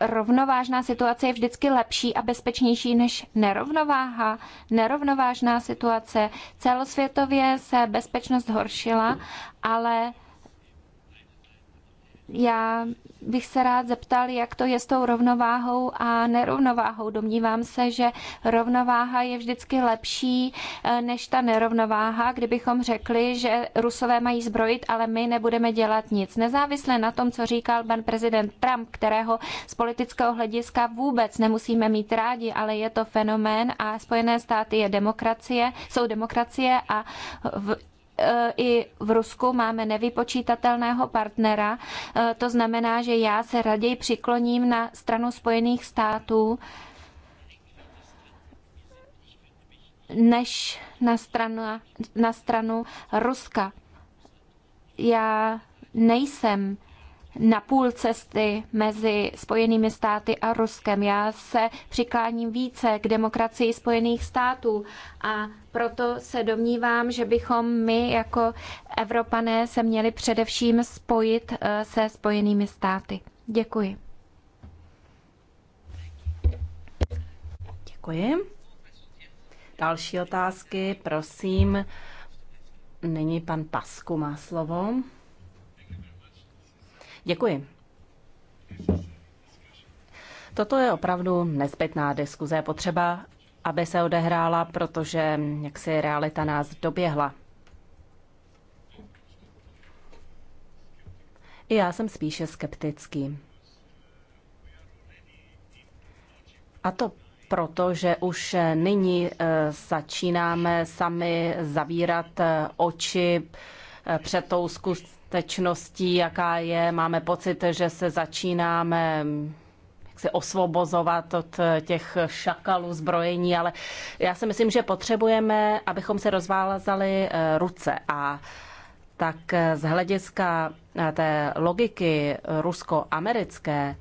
rovnovážná situace je vždycky lepší a bezpečnější než nerovnováha. Nerovnovážná situace celosvětově se bezpečnost horšila, ale já bych se rád zeptal, jak to je s tou rovnováhou a nerovnováhou. Domnívám se, že rovnováha je vždycky lepší eh, než ta nerovnováha, kdybychom řekli, že rusové mají zbrojit, ale my nebudeme dělat nic. Nezávisle na tom, co říkal pan prezident Trump, kterého z politického hlediska vůbec nemusíme mít rádi, ale je to fenomén a Spojené státy je demokracie, jsou demokracie a v i v Rusku máme nevypočítatelného partnera. E, to znamená, že já se raději přikloním na stranu Spojených států, než na stranu, na stranu Ruska. Já nejsem na půl cesty mezi Spojenými státy a Ruskem. Já se přikláním více k demokracii Spojených států a proto se domnívám, že bychom my jako Evropané se měli především spojit eh, se Spojenými státy. Děkuji. Děkuji. Další otázky, prosím. Nyní pan Pasku má slovo. Děkuji. Toto je opravdu nezbytná diskuze. potřeba, aby se odehrála, protože jaksi realita nás doběhla. I já jsem spíše skeptický. A to proto, že už nyní eh, začínáme sami zavírat eh, oči eh, před tou skutečností, jaká je. Máme pocit, že se začínáme se osvobozovat od těch šakalů zbrojení, ale já si myslím, že potřebujeme, abychom se rozvázali eh, ruce a tak eh, z hlediska eh, té logiky rusko-americké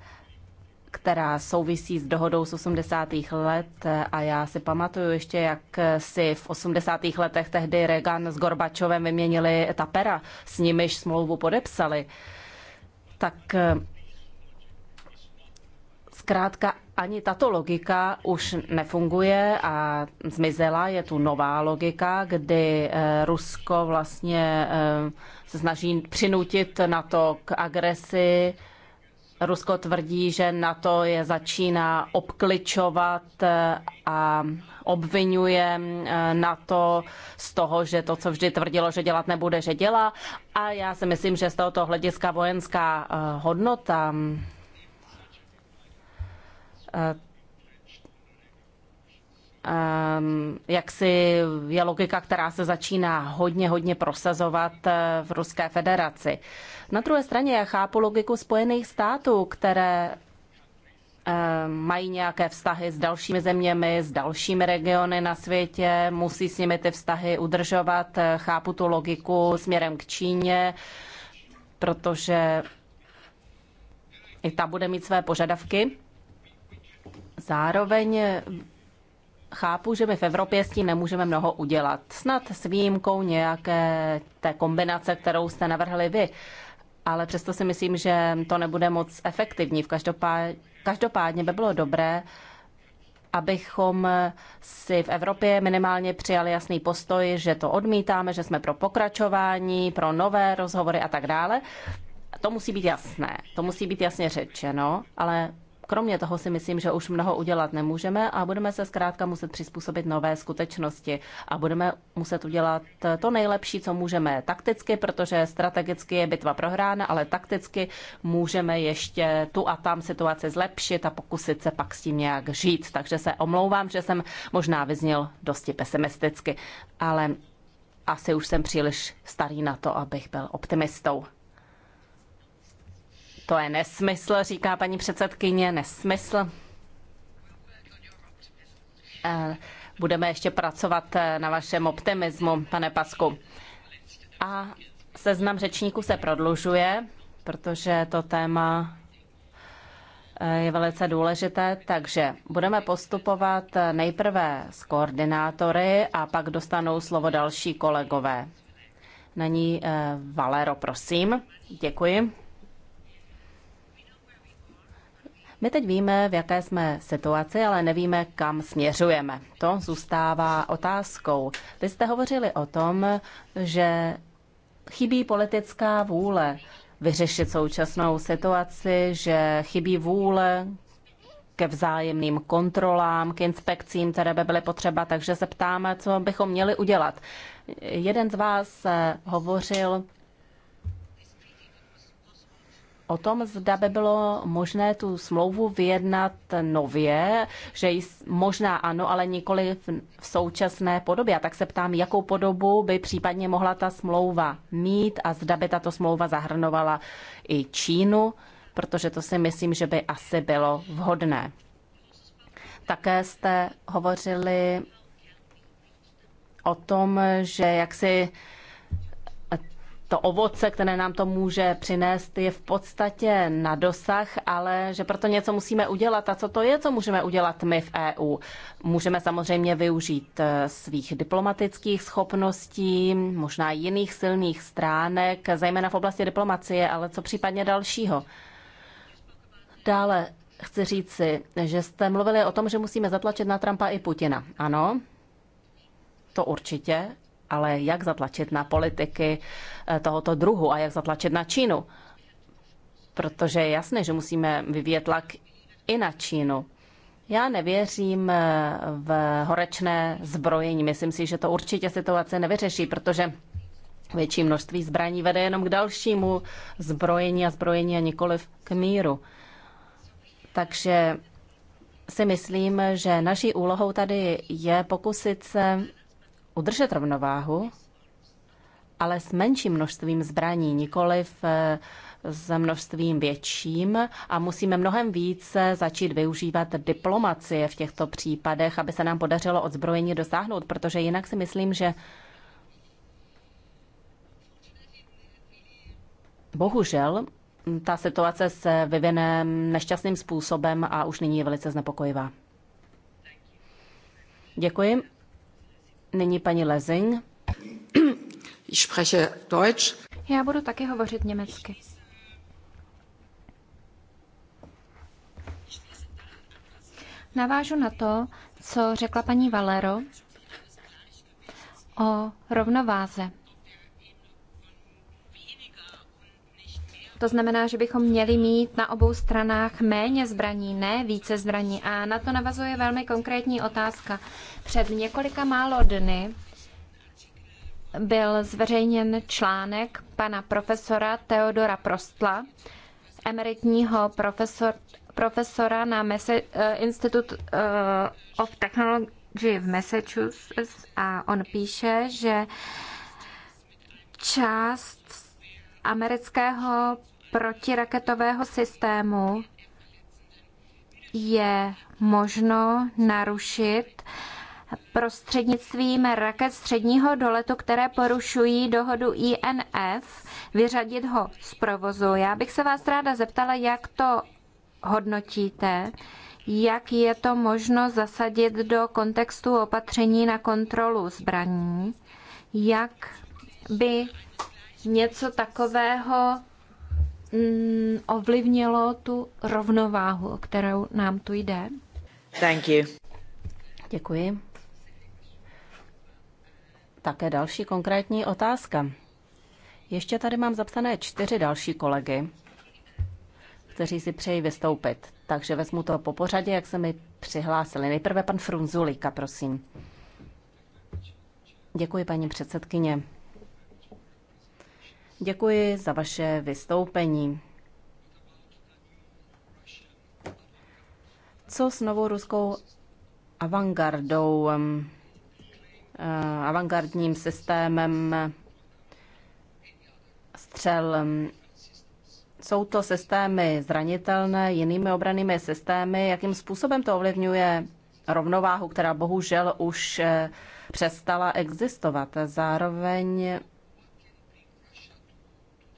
která souvisí s dohodou z 80. let a já si pamatuju ještě, jak si v 80. letech tehdy Reagan s Gorbačovem vyměnili ta pera, s nimiž smlouvu podepsali. Tak eh, zkrátka ani tato logika už nefunguje a zmizela. Je tu nová logika, kdy eh, Rusko vlastně eh, se snaží přinutit na to k agresi Rusko tvrdí, že NATO je začíná obkličovat eh, a obvinuje eh, NATO z toho, že to, co vždy tvrdilo, že dělat nebude, že dělá. A já si myslím, že z tohoto hlediska vojenská eh, hodnota Ehm, jaksi je logika, která se začíná hodně, hodně prosazovat eh, v Ruské federaci. Na druhé straně já chápu logiku Spojených států, které ehm, mají nějaké vztahy s dalšími zeměmi, s dalšími regiony na světě, musí s nimi ty vztahy udržovat. Eh, chápu tu logiku směrem k Číně, protože i ta bude mít své požadavky. Zároveň chápu, že my v Evropě s tím nemůžeme mnoho udělat. Snad s výjimkou nějaké té kombinace, kterou jste navrhli vy. Ale přesto si myslím, že to nebude moc efektivní. V každopádně, Každopádně by bylo dobré, abychom si v Evropě minimálně přijali jasný postoj, že to odmítáme, že jsme pro pokračování, pro nové rozhovory a tak dále. To musí být jasné, to musí být jasně řečeno, ale Kromě toho si myslím, že už mnoho udělat nemůžeme a budeme se zkrátka muset přizpůsobit nové skutečnosti a budeme muset udělat to nejlepší, co můžeme takticky, protože strategicky je bitva prohrána, ale takticky můžeme ještě tu a tam situaci zlepšit a pokusit se pak s tím nějak žít. Takže se omlouvám, že jsem možná vyzněl dosti pesimisticky, ale asi už jsem příliš starý na to, abych byl optimistou. To je nesmysl, říká paní předsedkyně, nesmysl. Eh, budeme ještě pracovat eh, na vašem optimismu, pane Pasku. A seznam řečníků se prodlužuje, protože to téma eh, je velice důležité, takže budeme postupovat nejprve s koordinátory a pak dostanou slovo další kolegové. Na ní Valero, prosím. Děkuji. My teď víme, v jaké jsme situaci, ale nevíme, kam směřujeme. To zůstává otázkou. Vy jste hovořili o tom, že chybí politická vůle vyřešit současnou situaci, že chybí vůle ke vzájemným kontrolám, k inspekcím, které by byly potřeba, takže se ptáme, co bychom měli udělat. Jeden z vás hovořil o tom, zda by bylo možné tu smlouvu vyjednat nově, že ji možná ano, ale nikoli v současné podobě. A tak se ptám, jakou podobu by případně mohla ta smlouva mít a zda by tato smlouva zahrnovala i Čínu, protože to si myslím, že by asi bylo vhodné. Také jste hovořili o tom, že jak si to ovoce, které nám to může přinést, je v podstatě na dosah, ale že proto něco musíme udělat. A co to je, co můžeme udělat my v EU? Můžeme samozřejmě využít eh, svých diplomatických schopností, možná jiných silných stránek, zejména v oblasti diplomacie, ale co případně dalšího? Dále chci říci, že jste mluvili o tom, že musíme zatlačit na Trumpa i Putina. Ano, to určitě, ale jak zatlačit na politiky eh, tohoto druhu a jak zatlačit na Čínu. Protože je jasné, že musíme vyvíjet tlak i na Čínu. Já nevěřím eh, v horečné zbrojení. Myslím si, že to určitě situace nevyřeší, protože větší množství zbraní vede jenom k dalšímu zbrojení a zbrojení a nikoliv k míru. Takže si myslím, že naší úlohou tady je pokusit se udržet rovnováhu, ale s menším množstvím zbraní, nikoliv eh, s množstvím větším a musíme mnohem více začít využívat diplomacie v těchto případech, aby se nám podařilo odzbrojení dosáhnout, protože jinak si myslím, že bohužel ta situace se vyvine nešťastným způsobem a už nyní je velice znepokojivá. Děkuji. Nyní paní Lezing. Ich spreche Deutsch. Já budu taky hovořit německy. Navážu na to, co řekla paní Valero o rovnováze To znamená, že bychom měli mít na obou stranách méně zbraní, ne více zbraní. A na to navazuje velmi konkrétní otázka. Před několika málo dny byl zveřejněn článek pana profesora Teodora Prostla, emeritního profesor, profesora na Mese, uh, eh, Institute uh, of Technology v Massachusetts a on píše, že část amerického protiraketového systému je možno narušit prostřednictvím raket středního doletu, které porušují dohodu INF, vyřadit ho z provozu. Já bych se vás ráda zeptala, jak to hodnotíte, jak je to možno zasadit do kontextu opatření na kontrolu zbraní, jak by něco takového mm, ovlivnilo tu rovnováhu, o kterou nám tu jde? Thank you. Děkuji. Také další konkrétní otázka. Ještě tady mám zapsané čtyři další kolegy, kteří si přejí vystoupit. Takže vezmu to po pořadě, jak se mi přihlásili. Nejprve pan Frunzulika, prosím. Děkuji, paní předsedkyně. Děkuji za vaše vystoupení. Co s novou ruskou avantgardou, um, eh, avantgardním systémem střel? Jsou to systémy zranitelné jinými obranými systémy? Jakým způsobem to ovlivňuje rovnováhu, která bohužel už eh, přestala existovat? Zároveň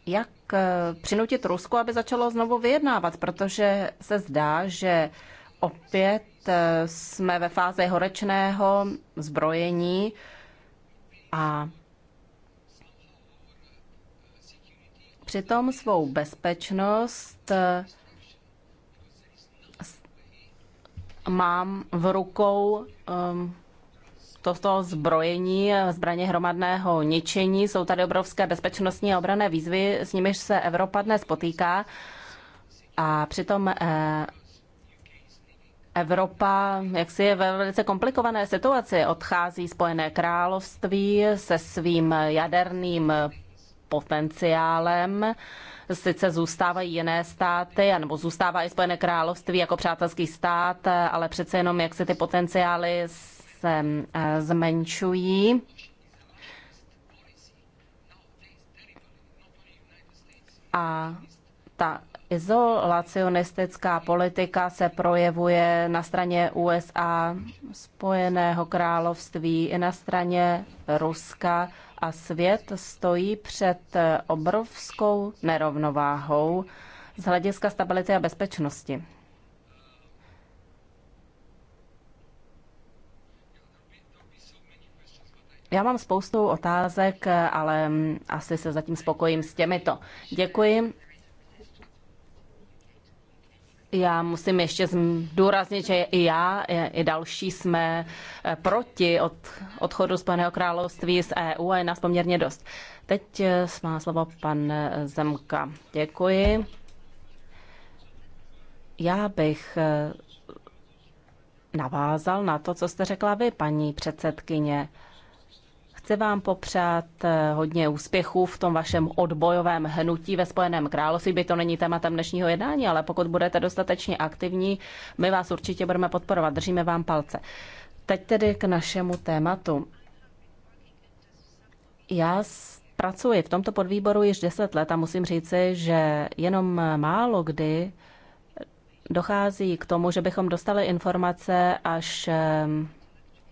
jak eh, přinutit Rusko, aby začalo znovu vyjednávat, protože se zdá, že opět eh, jsme ve fázi horečného zbrojení a přitom svou bezpečnost eh, mám v rukou um, toto zbrojení, zbraně hromadného ničení. Jsou tady obrovské bezpečnostní a obrané výzvy, s nimiž se Evropa dnes potýká. A přitom eh, Evropa si je ve velice komplikované situaci. Odchází Spojené království se svým jaderným potenciálem. Sice zůstávají jiné státy, anebo zůstává i Spojené království jako přátelský stát, ale přece jenom jak se ty potenciály se eh, zmenšují. A ta izolacionistická politika se projevuje na straně USA, Spojeného království i na straně Ruska a svět stojí před eh, obrovskou nerovnováhou z hlediska stability a bezpečnosti. Já mám spoustu otázek, ale mm, asi se zatím spokojím s těmito. Děkuji. Já musím ještě zdůraznit, že i já, i další jsme eh, proti od, odchodu Spojeného království z EU a je nás poměrně dost. Teď eh, má slovo pan eh, Zemka. Děkuji. Já bych navázal na to, co jste řekla vy, paní předsedkyně. Chci vám popřát eh, hodně úspěchů v tom vašem odbojovém hnutí ve Spojeném království. By to není tématem dnešního jednání, ale pokud budete dostatečně aktivní, my vás určitě budeme podporovat. Držíme vám palce. Teď tedy k našemu tématu. Já pracuji v tomto podvýboru již 10 let a musím říci, že jenom málo kdy dochází k tomu, že bychom dostali informace až eh,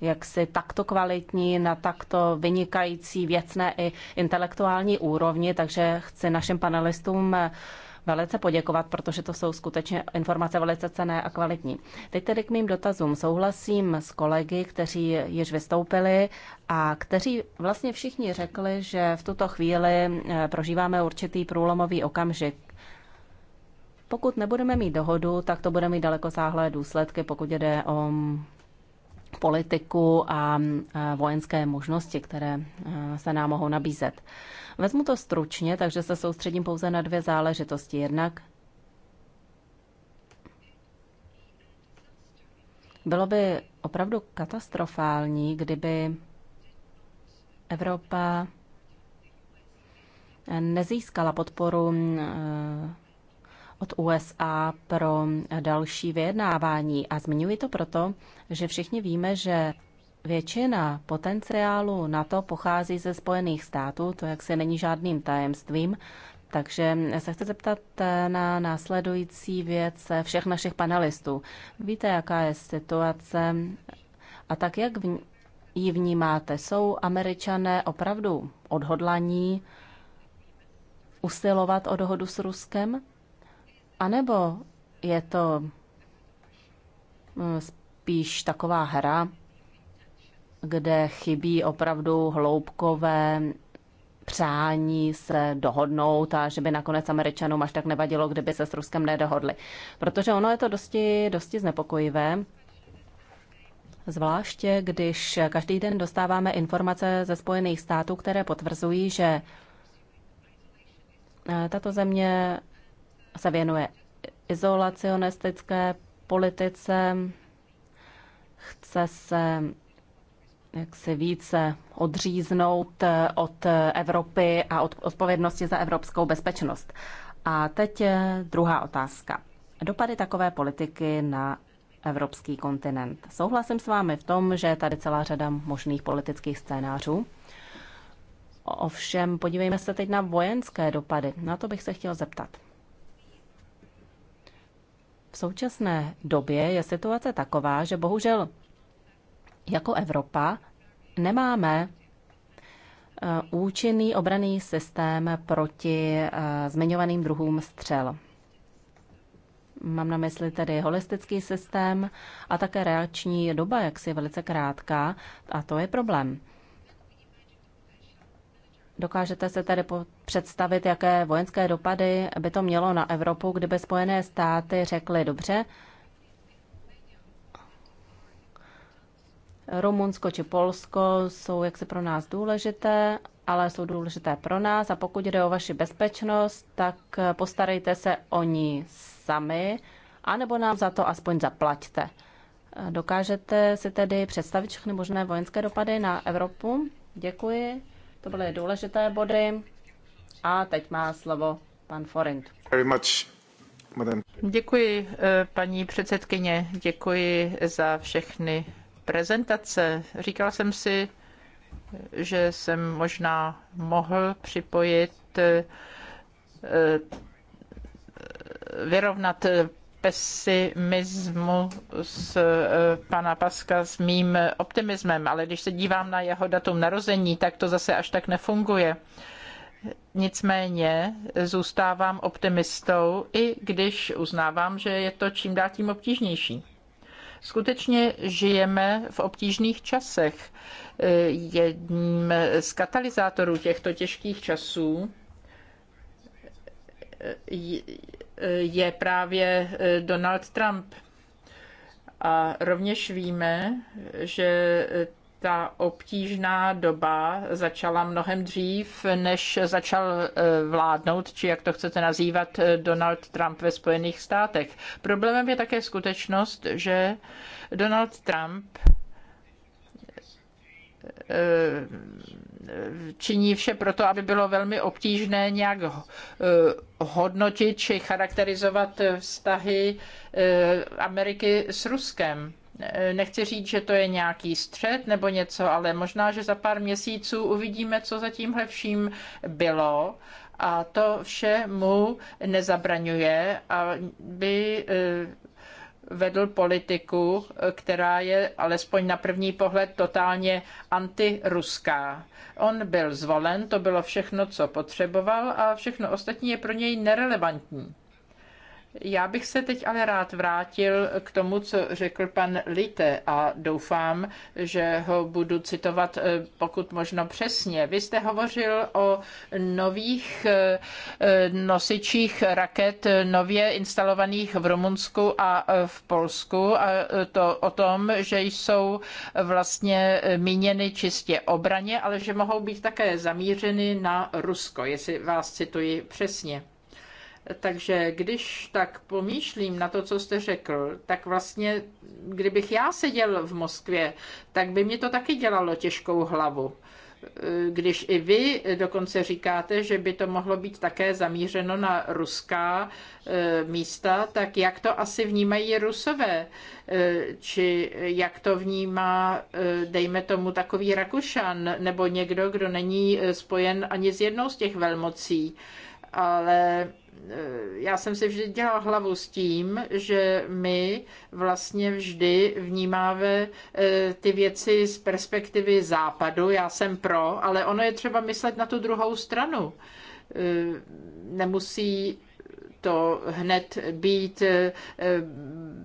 jaksi takto kvalitní, na takto vynikající věcné i intelektuální úrovni, takže chci našim panelistům velice poděkovat, protože to jsou skutečně informace velice cené a kvalitní. Teď tedy k mým dotazům. Souhlasím s kolegy, kteří již vystoupili a kteří vlastně všichni řekli, že v tuto chvíli eh, prožíváme určitý průlomový okamžik. Pokud nebudeme mít dohodu, tak to bude mít dalekosáhlé důsledky, pokud jde o politiku a vojenské možnosti, které se nám mohou nabízet. Vezmu to stručně, takže se soustředím pouze na dvě záležitosti. Jednak bylo by opravdu katastrofální, kdyby Evropa nezískala podporu od USA pro další vyjednávání. A zmiňuji to proto, že všichni víme, že většina potenciálu NATO pochází ze Spojených států, to jak se není žádným tajemstvím. Takže se chci zeptat na následující věc všech našich panelistů. Víte, jaká je situace a tak jak ji vnímáte? Jsou američané opravdu odhodlaní usilovat o dohodu s Ruskem? anebo je to mm, spíš taková hra, kde chybí opravdu hloubkové přání se dohodnout a že by nakonec Američanům až tak nevadilo, kdyby se s Ruskem nedohodli. Protože ono je to dosti, dosti znepokojivé, zvláště když každý den dostáváme informace ze Spojených států, které potvrzují, že eh, tato země se věnuje izolacionistické politice, chce se jak se více odříznout eh, od Evropy a od odpovědnosti za evropskou bezpečnost. A teď druhá otázka. Dopady takové politiky na evropský kontinent. Souhlasím s vámi v tom, že je tady celá řada možných politických scénářů. Ovšem, podívejme se teď na vojenské dopady. Na to bych se chtěl zeptat. V současné době je situace taková, že bohužel jako Evropa nemáme eh, účinný obraný systém proti eh, zmiňovaným druhům střel. Mám na mysli tedy holistický systém a také reakční doba, jak si je velice krátká, a to je problém. Dokážete se tedy představit, jaké vojenské dopady by to mělo na Evropu, kdyby Spojené státy řekly dobře, Rumunsko či Polsko jsou jaksi pro nás důležité, ale jsou důležité pro nás. A pokud jde o vaši bezpečnost, tak postarejte se o ní sami, anebo nám za to aspoň zaplaťte. Dokážete si tedy představit všechny možné vojenské dopady na Evropu? Děkuji. To byly důležité body. A teď má slovo pan Forint. Děkuji, eh, paní předsedkyně, děkuji za všechny prezentace. Říkal jsem si, že jsem možná mohl připojit, eh, eh, vyrovnat pesimismus eh, pana Paska s mým optimismem, ale když se dívám na jeho datum narození, tak to zase až tak nefunguje. Nicméně zůstávám optimistou, i když uznávám, že je to čím dál tím obtížnější. Skutečně žijeme v obtížných časech. Eh, jedním z katalyzátorů těchto těžkých časů je právě eh, Donald Trump. A rovněž víme, že eh, ta obtížná doba začala mnohem dřív, než začal eh, vládnout, či jak to chcete nazývat, Donald Trump ve Spojených státech. Problémem je také skutečnost, že Donald Trump Eh, činí vše proto, aby bylo velmi obtížné nějak eh, hodnotit či charakterizovat vztahy eh, Ameriky s Ruskem. Nechci říct, že to je nějaký střed nebo něco, ale možná, že za pár měsíců uvidíme, co za tímhle vším bylo. A to vše mu nezabraňuje, aby vedl politiku, eh, která je alespoň na první pohled totálně antiruská. On byl zvolen, to bylo všechno, co potřeboval a všechno ostatní je pro něj nerelevantní. Já bych se teď ale rád vrátil k tomu, co řekl pan Lite a doufám, že ho budu citovat eh, pokud možno přesně. Vy jste hovořil o nových eh, nosičích raket nově instalovaných v Rumunsku a eh, v Polsku a to o tom, že jsou vlastně míněny čistě obraně, ale že mohou být také zamířeny na Rusko, jestli vás cituji přesně. Takže když tak pomýšlím na to, co jste řekl, tak vlastně, kdybych já seděl v Moskvě, tak by mi to taky dělalo těžkou hlavu. Když i vy dokonce říkáte, že by to mohlo být také zamířeno na ruská eh, místa, tak jak to asi vnímají rusové? Eh, či jak to vnímá, eh, dejme tomu, takový Rakušan nebo někdo, kdo není spojen ani s jednou z těch velmocí? Ale Eh, já jsem si vždy dělala hlavu s tím, že my vlastně vždy vnímáme eh, ty věci z perspektivy západu, já jsem pro, ale ono je třeba myslet na tu druhou stranu. Eh, nemusí to hned být eh,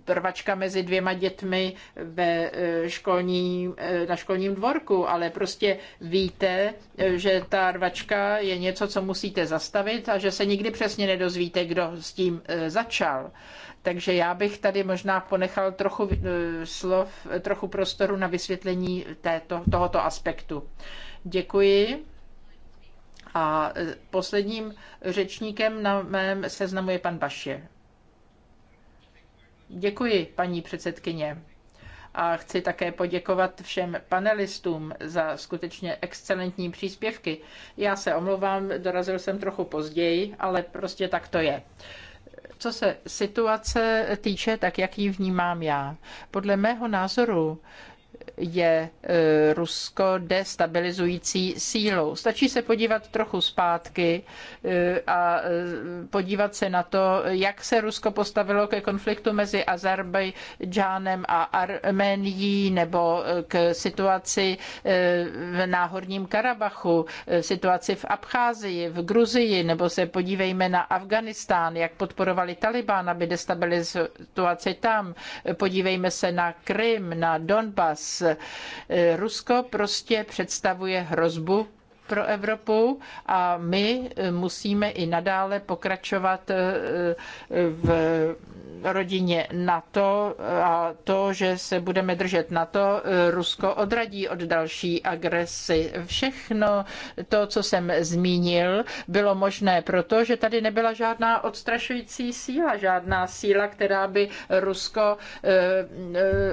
prvačka mezi dvěma dětmi ve eh, školní, eh, na školním dvorku, ale prostě víte, že ta rvačka je něco, co musíte zastavit a že se nikdy přesně nedozvíte, kdo s tím začal. Takže já bych tady možná ponechal trochu slov, trochu prostoru na vysvětlení této, tohoto aspektu. Děkuji. A e, posledním řečníkem na mém seznamu je pan Baše. Děkuji, paní předsedkyně. A chci také poděkovat všem panelistům za skutečně excelentní příspěvky. Já se omlouvám, dorazil jsem trochu později, ale prostě tak to je. Co se situace týče, tak jak ji vnímám já. Podle mého názoru je e, Rusko destabilizující sílou. Stačí se podívat trochu zpátky e, a e, podívat se na to, jak se Rusko postavilo ke konfliktu mezi Azerbejdžánem a Arménií nebo k situaci v Náhorním Karabachu, situaci v Abcházii, v Gruzii, nebo se podívejme na Afganistán, jak podporovali Taliban, aby destabilizovali situaci tam. Podívejme se na Krym, na Donbas, Rusko prostě představuje hrozbu pro Evropu a my eh, musíme i nadále pokračovat eh, v rodině NATO a to, že se budeme držet NATO, eh, Rusko odradí od další agresy. Všechno to, co jsem zmínil, bylo možné proto, že tady nebyla žádná odstrašující síla, žádná síla, která by Rusko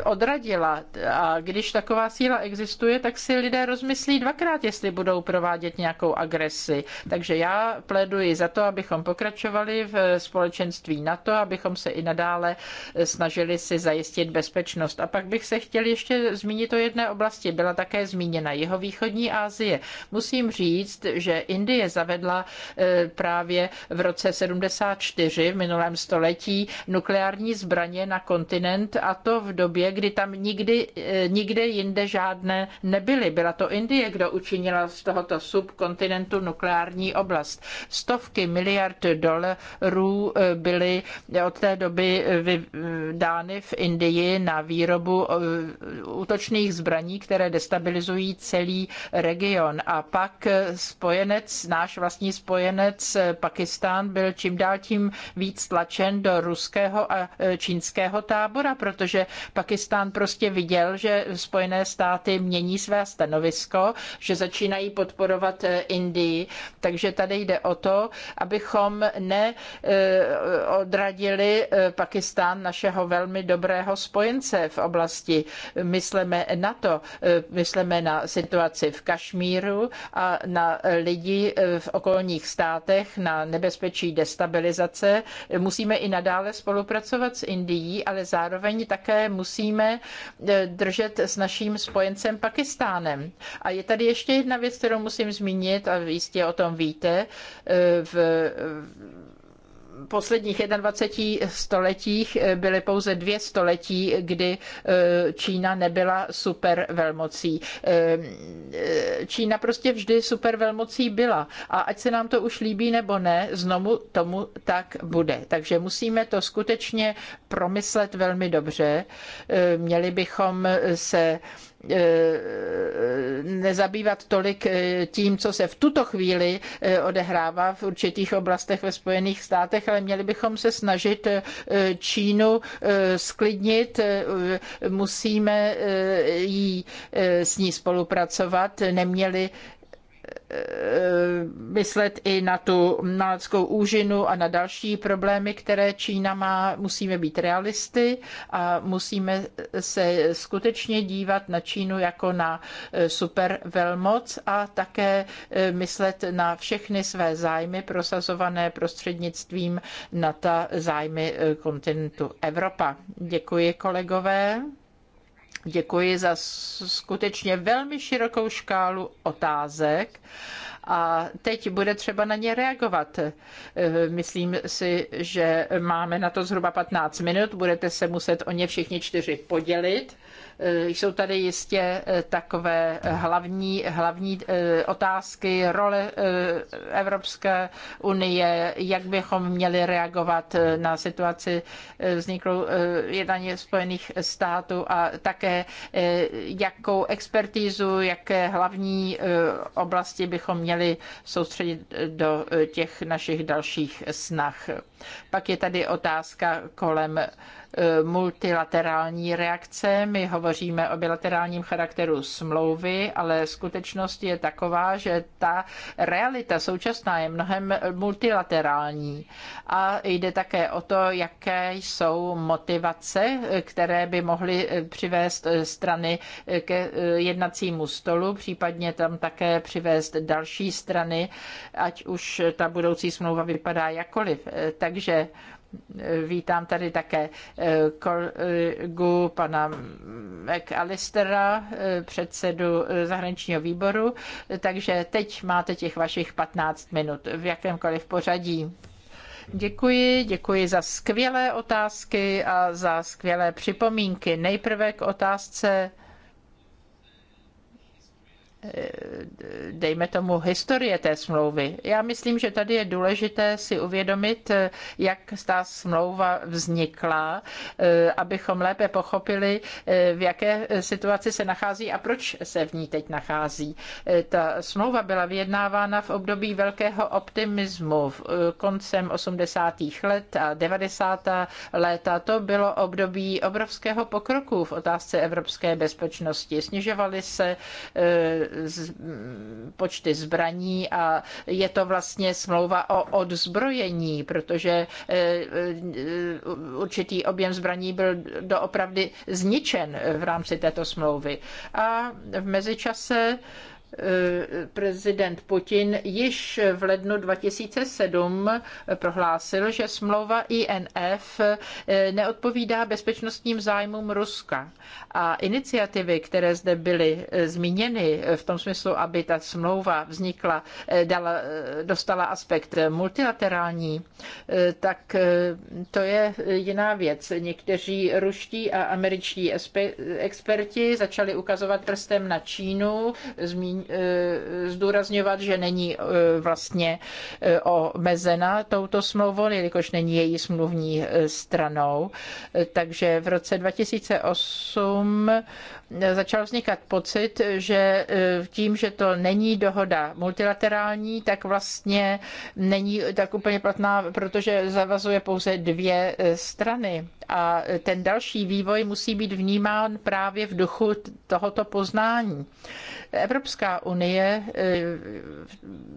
odradila. A když taková síla existuje, tak si lidé rozmyslí dvakrát, jestli budou provádět provádět nějakou agresi. Takže já pléduji za to, abychom pokračovali v společenství NATO, abychom se i nadále snažili si zajistit bezpečnost. A pak bych se chtěl ještě zmínit o jedné oblasti. Byla také zmíněna jihovýchodní Asie. Musím říct, že Indie zavedla eh, právě v roce 74 v minulém století nukleární zbraně na kontinent a to v době, kdy tam nikdy, eh, nikde jinde žádné nebyly. Byla to Indie, kdo učinila z toho tohoto subkontinentu nukleární oblast. Stovky miliard dolarů eh, byly od té doby eh, eh, dány v Indii na výrobu útočných zbraní, které destabilizují celý region. A pak spojenec, náš vlastní spojenec Pakistán byl čím dál tím víc tlačen do ruského a čínského tábora, protože Pakistán prostě viděl, že Spojené státy mění své stanovisko, že začínají podporovat podporovat eh, Indii. Takže tady jde o to, abychom neodradili eh, eh, Pakistán našeho velmi dobrého spojence v oblasti. Myslíme na to, myslíme na situaci v Kašmíru a na lidi v okolních státech, na nebezpečí destabilizace. Musíme i nadále spolupracovat s Indií, ale zároveň také musíme držet s naším spojencem Pakistánem. A je tady ještě jedna věc, kterou musím zmínit, a jistě o tom víte, e, v posledních 21 stoletích e, byly pouze dvě století, kdy e, Čína nebyla supervelmocí. Čína prostě vždy supervelmocí byla a ať se nám to už líbí nebo ne, znovu tomu tak bude. Takže musíme to skutečně promyslet velmi dobře. Měli bychom se Eh, nezabývat tolik eh, tím, co se v tuto chvíli eh, odehrává v určitých oblastech ve Spojených státech, ale měli bychom se snažit Čínu sklidnit. Musíme jí s ní spolupracovat. Neměli Eh, myslet i na tu náleckou úžinu a na další problémy, které Čína má. Musíme být realisty a musíme se skutečně dívat na Čínu jako na eh, super velmoc a také eh, myslet na všechny své zájmy prosazované prostřednictvím na ta zájmy kontinentu Evropa. Děkuji kolegové. Děkuji za skutečně velmi širokou škálu otázek a teď bude třeba na ně reagovat. E, myslím si, že máme na to zhruba 15 minut, budete se muset o ně všichni čtyři podělit Eh, jsou tady jistě eh, takové hlavní, hlavní eh, otázky, role Evropské unie, jak bychom měli reagovat na situaci vzniklou jednání Spojených států a také jakou expertízu, jaké hlavní oblasti bychom měli soustředit do těch našich dalších snah. Pak je tady otázka kolem E, multilaterální reakce. My hovoříme o bilaterálním charakteru smlouvy, ale skutečnost je taková, že ta realita současná je mnohem multilaterální. A jde také o to, jaké jsou motivace, které by mohly e, přivést e, strany ke jednacímu stolu, případně tam také přivést další strany, ať už ta budoucí smlouva vypadá jakkoliv. Takže Vítám tady také eh, kolegu pana McAllistera, eh, předsedu eh, zahraničního výboru. Takže teď máte těch vašich 15 minut v jakémkoliv pořadí. Děkuji, děkuji za skvělé otázky a za skvělé připomínky. Nejprve k otázce Eh, dejme tomu, historie té smlouvy. Já myslím, že tady je důležité si uvědomit, eh, jak ta smlouva vznikla, eh, abychom lépe pochopili, v jaké situaci se nachází a proč se v ní teď nachází. Ta smlouva byla vyjednávána v období velkého optimismu v koncem 80. let a 90. léta. To bylo období obrovského pokroku v otázce evropské bezpečnosti. Snižovaly se počty zbraní a je to vlastně smlouva o odzbrojení, protože e, e, určitý objem zbraní byl doopravdy zničen v rámci této smlouvy. A v mezičase Eh, prezident Putin již v lednu 2007 prohlásil, že smlouva INF eh, neodpovídá bezpečnostním zájmům Ruska. A iniciativy, které zde byly eh, zmíněny v tom smyslu, aby ta smlouva vznikla, dala, dostala aspekt multilaterální, tak to je jiná věc. Někteří ruští a američtí experti začali ukazovat prstem na Čínu, zmíní zdůrazňovat, že není e, vlastně e, omezena touto smlouvou, jelikož není její smluvní e, stranou. Takže v roce 2008 začal vznikat pocit, že tím, že to není dohoda multilaterální, tak vlastně není tak úplně platná, protože zavazuje pouze dvě strany a ten další vývoj musí být vnímán právě v duchu tohoto poznání. Evropská unie eh,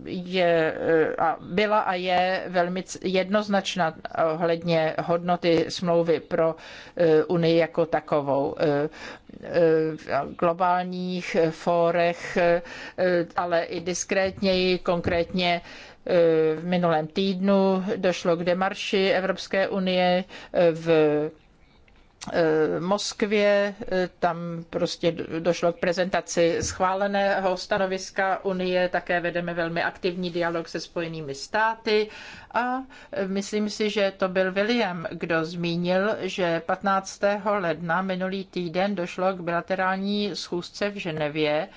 je, eh, byla a je velmi jednoznačná ohledně hodnoty smlouvy pro eh, Unii jako takovou. V globálních fórech, ale i diskrétněji, konkrétně Eh, v minulém týdnu došlo k demarši Evropské unie eh, v eh, Moskvě, tam prostě došlo k prezentaci schváleného stanoviska Unie, také vedeme velmi aktivní dialog se Spojenými státy a myslím si, že to byl William, kdo zmínil, že 15. ledna minulý týden došlo k bilaterální schůzce v Ženevě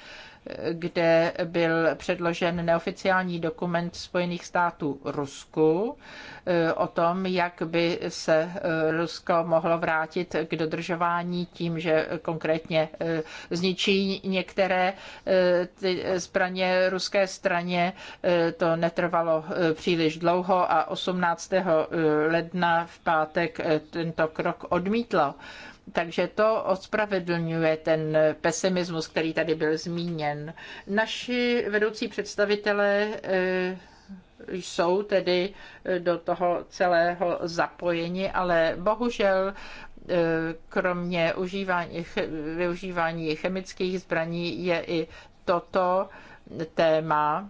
kde byl předložen neoficiální dokument Spojených států Rusku eh, o tom, jak by se eh, Rusko mohlo vrátit k dodržování tím, že konkrétně eh, zničí některé ty zbraně ruské straně. To netrvalo příliš dlouho a 18. ledna v pátek tento krok odmítlo. Takže to ospravedlňuje ten pesimismus, který tady byl zmíněn. Naši vedoucí představitelé eh, jsou tedy eh, do toho celého zapojeni, ale bohužel eh, kromě užívání, využívání chemických zbraní je i toto téma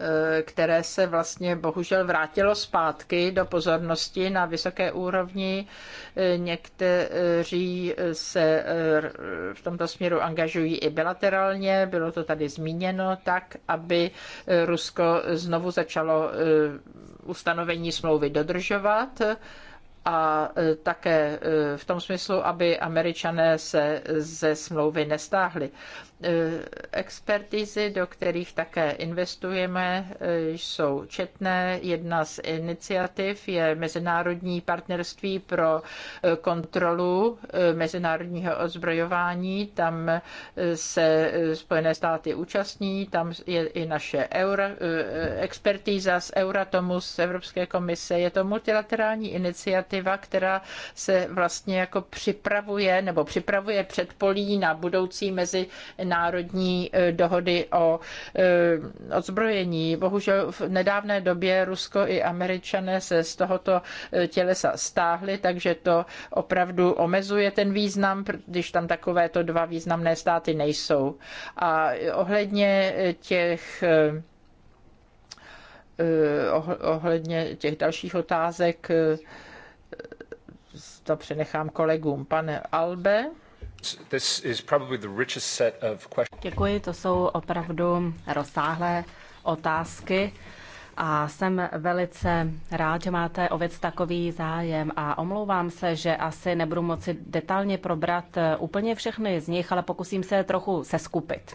Eh, které se vlastně bohužel vrátilo zpátky do pozornosti na vysoké úrovni. Eh, někteří se eh, v tomto směru angažují i bilaterálně, bylo to tady zmíněno, tak, aby Rusko znovu začalo ustanovení smlouvy dodržovat a také v tom smyslu, aby američané se ze smlouvy nestáhli. E, expertizy, do kterých také investujeme, e, jsou četné. Jedna z iniciativ je Mezinárodní partnerství pro e, kontrolu mezinárodního ozbrojování. Tam se Spojené státy účastní, tam je i naše euro, expertíza z Euratomu, z Evropské komise. Je to multilaterální iniciativa, která se vlastně jako připravuje nebo připravuje předpolí na budoucí mezi mezinárodní e, dohody o e, odzbrojení. Bohužel v nedávné době Rusko i Američané se z tohoto e, tělesa stáhli, takže to opravdu omezuje ten význam, když tam takovéto dva významné státy nejsou. A ohledně těch ohledně těch dalších otázek to přenechám kolegům. Pane Albe, Děkuji, to jsou opravdu rozsáhlé otázky a jsem velice rád, že máte o věc takový zájem a omlouvám se, že asi nebudu moci detailně probrat eh, úplně všechny z nich, ale pokusím se trochu seskupit.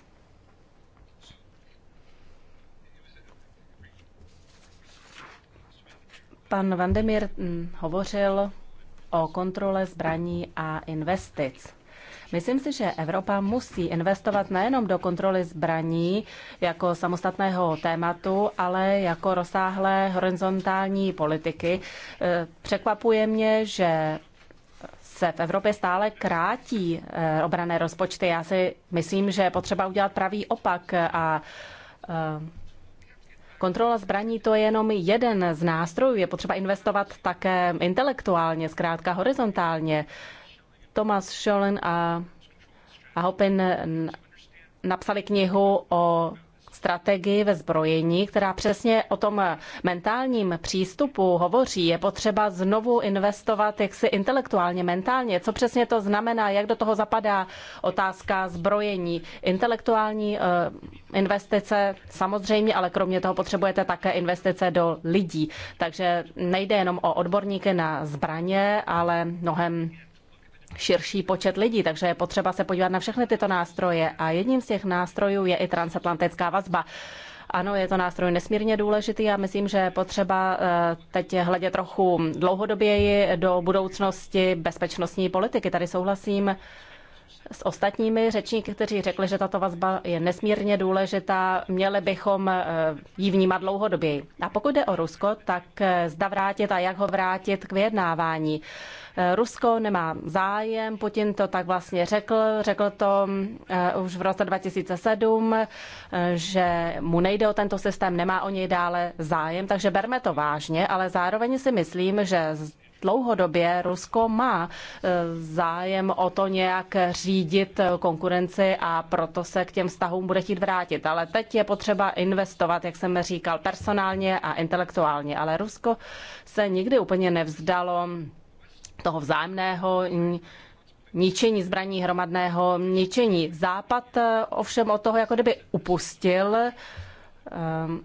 Pan Vandemir hm, hovořil o kontrole zbraní a investic. Myslím si, že Evropa musí investovat nejenom do kontroly zbraní jako samostatného tématu, ale jako rozsáhlé horizontální politiky. E, překvapuje mě, že se v Evropě stále krátí e, obrané rozpočty. Já si myslím, že je potřeba udělat pravý opak a e, Kontrola zbraní to je jenom jeden z nástrojů. Je potřeba investovat také intelektuálně, zkrátka horizontálně. Thomas Schollen a, a Hopin napsali knihu o strategii ve zbrojení, která přesně o tom mentálním přístupu hovoří. Je potřeba znovu investovat jaksi intelektuálně, mentálně. Co přesně to znamená, jak do toho zapadá otázka zbrojení. Intelektuální eh, investice samozřejmě, ale kromě toho potřebujete také investice do lidí. Takže nejde jenom o odborníky na zbraně, ale mnohem širší počet lidí, takže je potřeba se podívat na všechny tyto nástroje a jedním z těch nástrojů je i transatlantická vazba. Ano, je to nástroj nesmírně důležitý a myslím, že je potřeba eh, teď hledět trochu dlouhodoběji do budoucnosti bezpečnostní politiky. Tady souhlasím s ostatními řečníky, kteří řekli, že tato vazba je nesmírně důležitá, měli bychom eh, ji vnímat dlouhodoběji. A pokud jde o Rusko, tak eh, zda vrátit a jak ho vrátit k vyjednávání. Eh, Rusko nemá zájem, Putin to tak vlastně řekl, řekl to už v roce 2007, že mu nejde o tento systém, nemá o něj dále zájem, takže berme to vážně, ale zároveň si myslím, že dlouhodobě Rusko má eh, zájem o to nějak řídit eh, konkurenci a proto se k těm vztahům bude chtít vrátit. Ale teď je potřeba investovat, jak jsem říkal, personálně a intelektuálně. Ale Rusko se nikdy úplně nevzdalo toho vzájemného ničení zbraní hromadného ničení. Západ eh, ovšem od toho jako kdyby upustil. Um,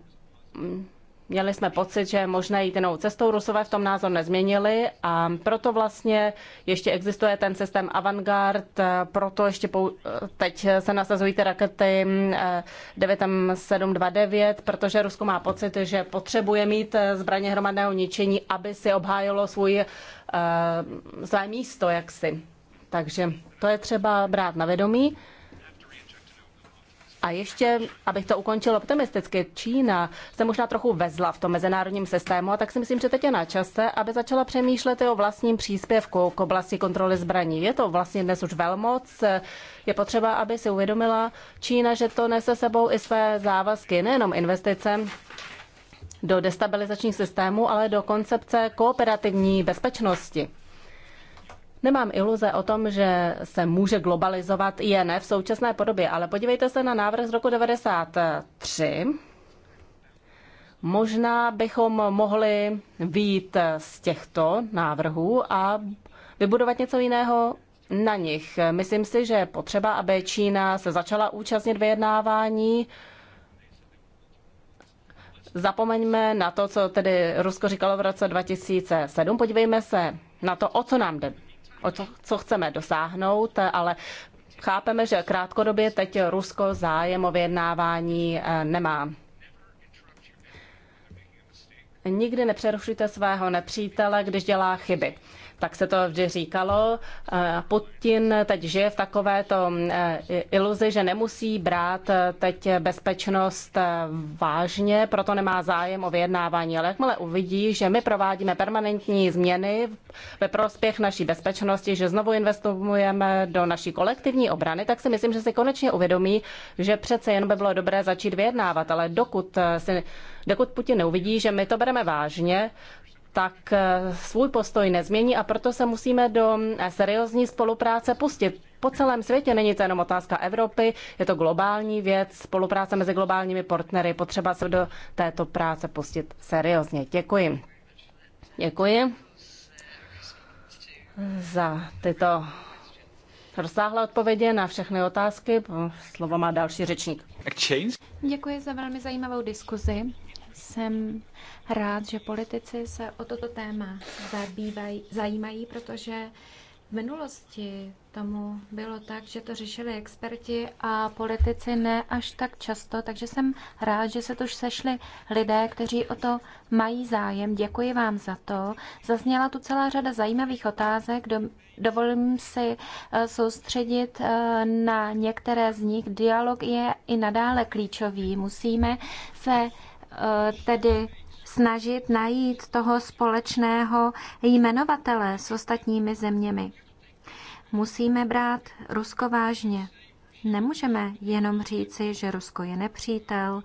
Měli jsme pocit, že je možné jít jinou cestou. Rusové v tom názor nezměnili a proto vlastně ještě existuje ten systém avantgard, eh, proto ještě pou... Eh, teď se nasazují ty rakety 9729, eh, protože Rusko má pocit, že potřebuje mít zbraně hromadného ničení, aby si obhájilo svůj své místo jaksi. Takže to je třeba brát na vědomí. A ještě, abych to ukončil optimisticky, Čína se možná trochu vezla v tom mezinárodním systému a tak si myslím, že teď je na čase, aby začala přemýšlet i o vlastním příspěvku k oblasti kontroly zbraní. Je to vlastně dnes už velmoc, je potřeba, aby si uvědomila Čína, že to nese sebou i své závazky, nejenom investice, do destabilizačních systémů, ale do koncepce kooperativní bezpečnosti. Nemám iluze o tom, že se může globalizovat je ne v současné podobě, ale podívejte se na návrh z roku 1993. Možná bychom mohli výjít z těchto návrhů a vybudovat něco jiného na nich. Myslím si, že je potřeba, aby Čína se začala účastnit vyjednávání. Zapomeňme na to, co tedy Rusko říkalo v roce 2007. Podívejme se na to, o co nám jde o co, co chceme dosáhnout, ale chápeme, že krátkodobě teď Rusko zájem o vyjednávání eh, nemá. Nikdy nepřerušujte svého nepřítele, když dělá chyby tak se to vždy říkalo. Eh, Putin teď žije v takovéto eh, iluzi, že nemusí brát eh, teď bezpečnost vážně, proto nemá zájem o vyjednávání. Ale jakmile uvidí, že my provádíme permanentní změny ve prospěch naší bezpečnosti, že znovu investujeme do naší kolektivní obrany, tak si myslím, že si konečně uvědomí, že přece jen by bylo dobré začít vyjednávat. Ale dokud, si, dokud Putin neuvidí, že my to bereme vážně, tak eh, svůj postoj nezmění a proto se musíme do eh, seriózní spolupráce pustit. Po celém světě není to jenom otázka Evropy, je to globální věc, spolupráce mezi globálními partnery, potřeba se do této práce pustit seriózně. Děkuji. Děkuji za tyto rozsáhlé odpovědi na všechny otázky. Slovo má další řečník. Děkuji za velmi zajímavou diskuzi jsem rád, že politici se o toto téma zabývaj, zajímají, protože v minulosti tomu bylo tak, že to řešili experti a politici ne až tak často, takže jsem rád, že se tu sešli lidé, kteří o to mají zájem. Děkuji vám za to. Zazněla tu celá řada zajímavých otázek. Do, dovolím si eh, soustředit eh, na některé z nich. Dialog je i nadále klíčový. Musíme se Eh, tedy snažit najít toho společného jmenovatele s ostatními zeměmi. Musíme brát Rusko vážně. Nemůžeme jenom říci, že Rusko je nepřítel,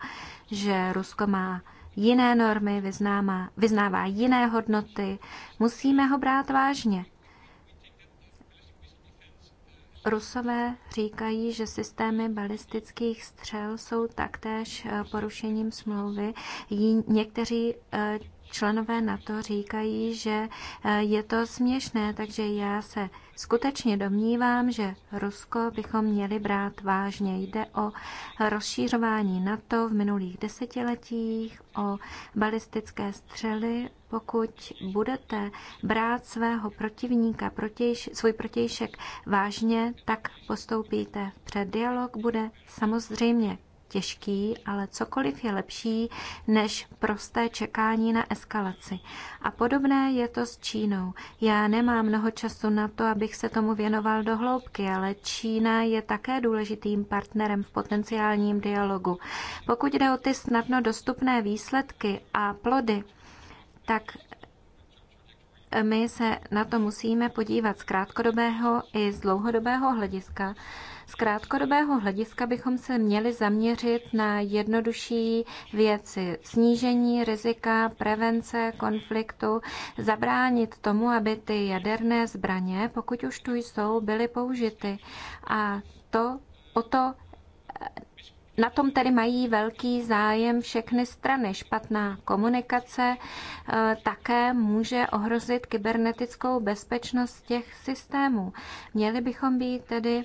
že Rusko má jiné normy, vyznává, vyznává jiné hodnoty. Musíme ho brát vážně. Rusové říkají, že systémy balistických střel jsou taktéž eh, porušením smlouvy. Někteří eh, členové NATO říkají, že eh, je to směšné, takže já se skutečně domnívám, že Rusko bychom měli brát vážně. Jde o rozšířování NATO v minulých desetiletích, o balistické střely, pokud budete brát svého protivníka, protějš, svůj protějšek vážně, tak postoupíte před dialog, bude samozřejmě těžký, ale cokoliv je lepší než prosté čekání na eskalaci. A podobné je to s Čínou. Já nemám mnoho času na to, abych se tomu věnoval do hloubky, ale Čína je také důležitým partnerem v potenciálním dialogu. Pokud jde o ty snadno dostupné výsledky a plody, tak e, my se na to musíme podívat z krátkodobého i z dlouhodobého hlediska. Z krátkodobého hlediska bychom se měli zaměřit na jednodušší věci. Snížení rizika, prevence konfliktu, zabránit tomu, aby ty jaderné zbraně, pokud už tu jsou, byly použity. A to o to na tom tedy mají velký zájem všechny strany. Špatná komunikace eh, také může ohrozit kybernetickou bezpečnost těch systémů. Měli bychom být tedy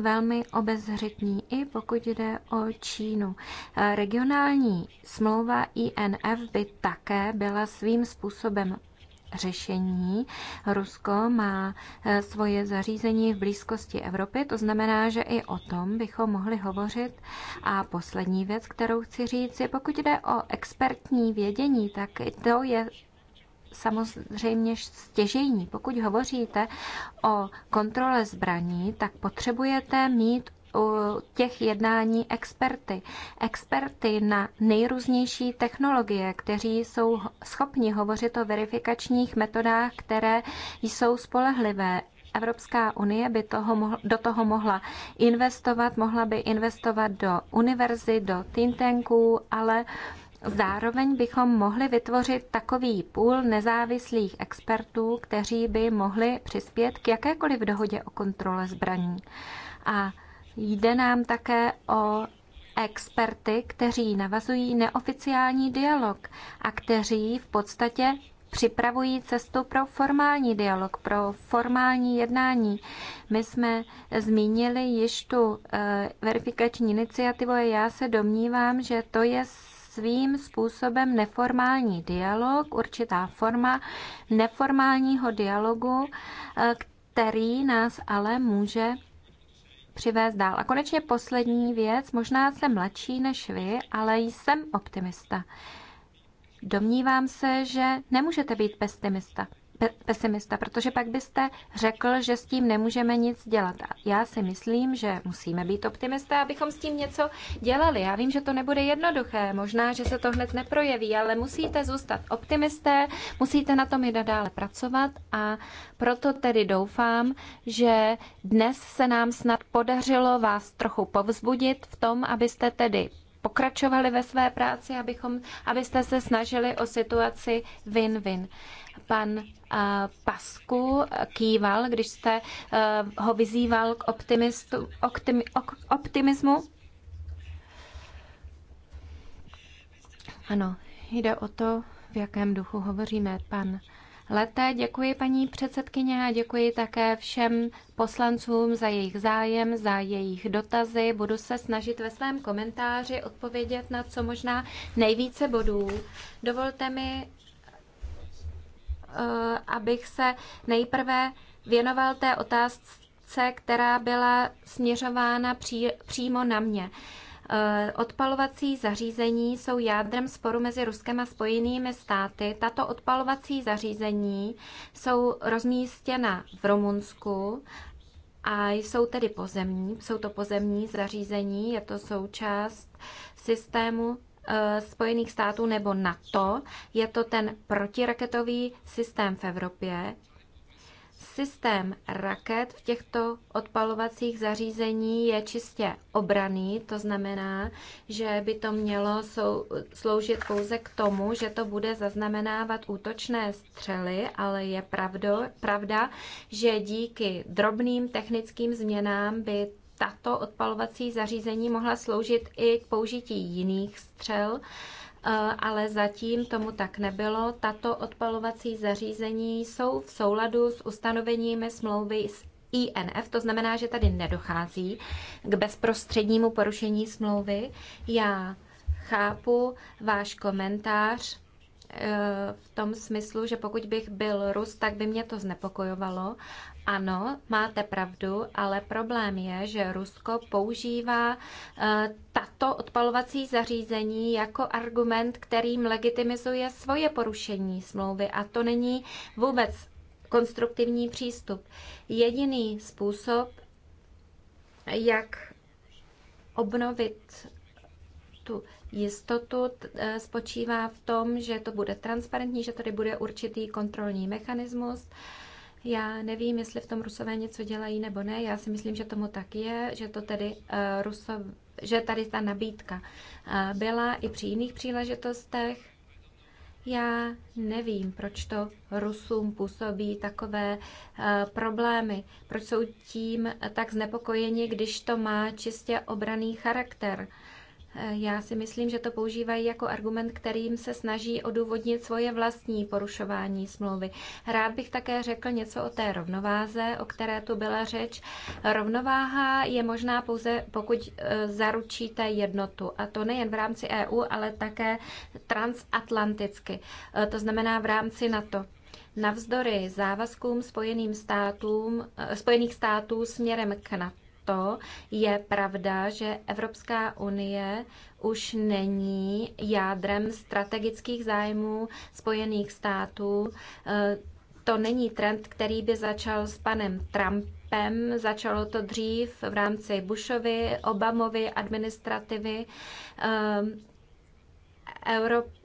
velmi obezřetní, i pokud jde o Čínu. Eh, regionální smlouva INF by také byla svým způsobem řešení. Rusko má eh, svoje zařízení v blízkosti Evropy, to znamená, že i o tom bychom mohli hovořit. A poslední věc, kterou chci říct, je pokud jde o expertní vědění, tak to je samozřejmě stěžejní. Pokud hovoříte o kontrole zbraní, tak potřebujete mít těch jednání experty. Experty na nejrůznější technologie, kteří jsou schopni hovořit o verifikačních metodách, které jsou spolehlivé. Evropská unie by toho, do toho mohla investovat, mohla by investovat do univerzy, do think tanků, ale Zároveň bychom mohli vytvořit takový půl nezávislých expertů, kteří by mohli přispět k jakékoliv dohodě o kontrole zbraní. A Jde nám také o experty, kteří navazují neoficiální dialog a kteří v podstatě připravují cestu pro formální dialog, pro formální jednání. My jsme zmínili již tu eh, verifikační iniciativu a já se domnívám, že to je svým způsobem neformální dialog, určitá forma neformálního dialogu, eh, který nás ale může přivést dál. A konečně poslední věc, možná jsem mladší než vy, ale jsem optimista. Domnívám se, že nemůžete být pesimista pesimista, protože pak byste řekl, že s tím nemůžeme nic dělat. A já si myslím, že musíme být optimisté, abychom s tím něco dělali. Já vím, že to nebude jednoduché, možná, že se to hned neprojeví, ale musíte zůstat optimisté, musíte na tom i nadále pracovat a proto tedy doufám, že dnes se nám snad podařilo vás trochu povzbudit v tom, abyste tedy pokračovali ve své práci, abychom, abyste se snažili o situaci win-win. Pan uh, Pasku kýval, když jste uh, ho vyzýval k optimistu, optimi, ok, optimismu. Ano, jde o to, v jakém duchu hovoříme. Pan Leté. Děkuji paní předsedkyně a děkuji také všem poslancům za jejich zájem, za jejich dotazy. Budu se snažit ve svém komentáři odpovědět na co možná nejvíce bodů. Dovolte mi, eh, abych se nejprve věnoval té otázce, která byla směřována přímo na mě. Eh, odpalovací zařízení jsou jádrem sporu mezi Ruskem a Spojenými státy. Tato odpalovací zařízení jsou rozmístěna v Rumunsku a jsou tedy pozemní. Jsou to pozemní zařízení, je to součást systému eh, Spojených států nebo NATO. Je to ten protiraketový systém v Evropě. Systém raket v těchto odpalovacích zařízení je čistě obraný, to znamená, že by to mělo sou, sloužit pouze k tomu, že to bude zaznamenávat útočné střely, ale je pravdo, pravda, že díky drobným technickým změnám by tato odpalovací zařízení mohla sloužit i k použití jiných střel Eh, ale zatím tomu tak nebylo. Tato odpalovací zařízení jsou v souladu s ustanoveními smlouvy s INF, to znamená, že tady nedochází k bezprostřednímu porušení smlouvy. Já chápu váš komentář v tom smyslu, že pokud bych byl Rus, tak by mě to znepokojovalo. Ano, máte pravdu, ale problém je, že Rusko používá eh, tato odpalovací zařízení jako argument, kterým legitimizuje svoje porušení smlouvy a to není vůbec konstruktivní přístup. Jediný způsob, jak obnovit tu jistotu eh, spočívá v tom, že to bude transparentní, že tady bude určitý kontrolní mechanismus. Já nevím, jestli v tom Rusové něco dělají nebo ne. Já si myslím, že tomu tak je, že to tedy uh, eh, Ruso, že tady ta nabídka uh, byla i při jiných příležitostech. Já nevím, proč to Rusům působí takové uh, problémy, proč jsou tím tak znepokojeni, když to má čistě obraný charakter. Uh, já si myslím, že to používají jako argument, kterým se snaží odůvodnit svoje vlastní porušování smlouvy. Rád bych také řekl něco o té rovnováze, o které tu byla řeč. Rovnováha je možná pouze, pokud e, zaručíte jednotu. A to nejen v rámci EU, ale také transatlanticky. E, to znamená v rámci NATO. Navzdory závazkům spojeným státům, e, Spojených států směrem k NATO, přesto je pravda, že Evropská unie už není jádrem strategických zájmů Spojených států. Eh, to není trend, který by začal s panem Trumpem. Začalo to dřív v rámci Bushovy, Obamovy administrativy. Eh,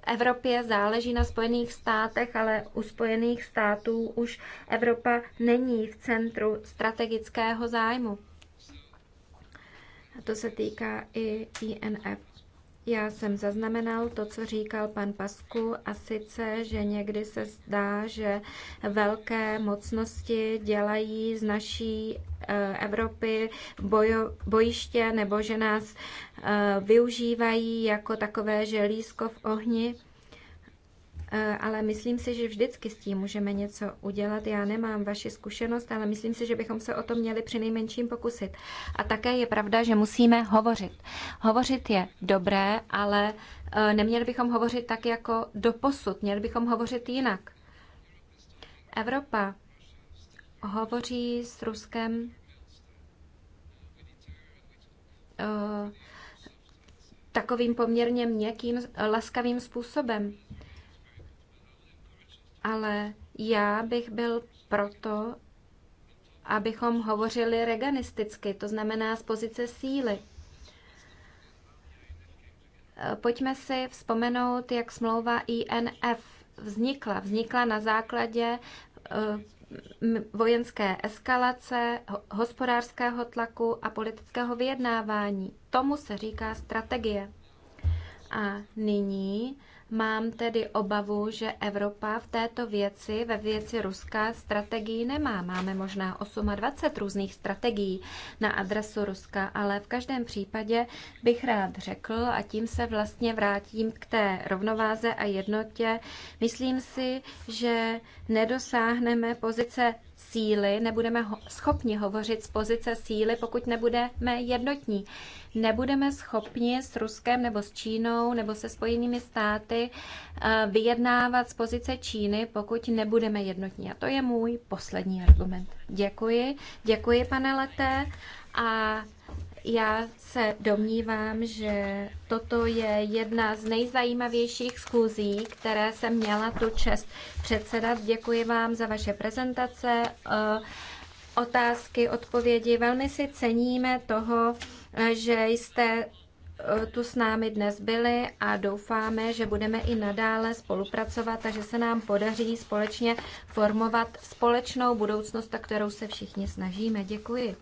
Evropě záleží na Spojených státech, ale u Spojených států už Evropa není v centru strategického zájmu. To se týká i INF. Já jsem zaznamenal to, co říkal pan Pasku, a sice, že někdy se zdá, že velké mocnosti dělají z naší eh, Evropy bojo, bojiště nebo že nás eh, využívají jako takové želízko v ohni. Eh, ale myslím si, že vždycky s tím můžeme něco udělat. Já nemám vaši zkušenost, ale myslím si, že bychom se o to měli při nejmenším pokusit. A také je pravda, že musíme hovořit. Hovořit je dobré, ale eh, neměli bychom hovořit tak jako doposud, měli bychom hovořit jinak. Evropa hovoří s Ruskem eh, takovým poměrně měkkým, laskavým způsobem ale já bych byl proto, abychom hovořili reganisticky, to znamená z pozice síly. Pojďme si vzpomenout, jak smlouva INF vznikla. Vznikla na základě eh, vojenské eskalace, hospodářského tlaku a politického vyjednávání. Tomu se říká strategie. A nyní Mám tedy obavu, že Evropa v této věci, ve věci Ruska, strategii nemá. Máme možná 28 různých strategií na adresu Ruska, ale v každém případě bych rád řekl, a tím se vlastně vrátím k té rovnováze a jednotě, myslím si, že nedosáhneme pozice síly, nebudeme schopni hovořit z pozice síly, pokud nebudeme jednotní. Nebudeme schopni s Ruskem nebo s Čínou nebo se Spojenými státy eh, vyjednávat z pozice Číny, pokud nebudeme jednotní. A to je můj poslední argument. Děkuji. Děkuji, pane Leté. A já se domnívám, že toto je jedna z nejzajímavějších schůzí, které jsem měla tu čest předsedat. Děkuji vám za vaše prezentace, eh, otázky, odpovědi. Velmi si ceníme toho, eh, že jste eh, tu s námi dnes byli a doufáme, že budeme i nadále spolupracovat a že se nám podaří společně formovat společnou budoucnost, na kterou se všichni snažíme. Děkuji.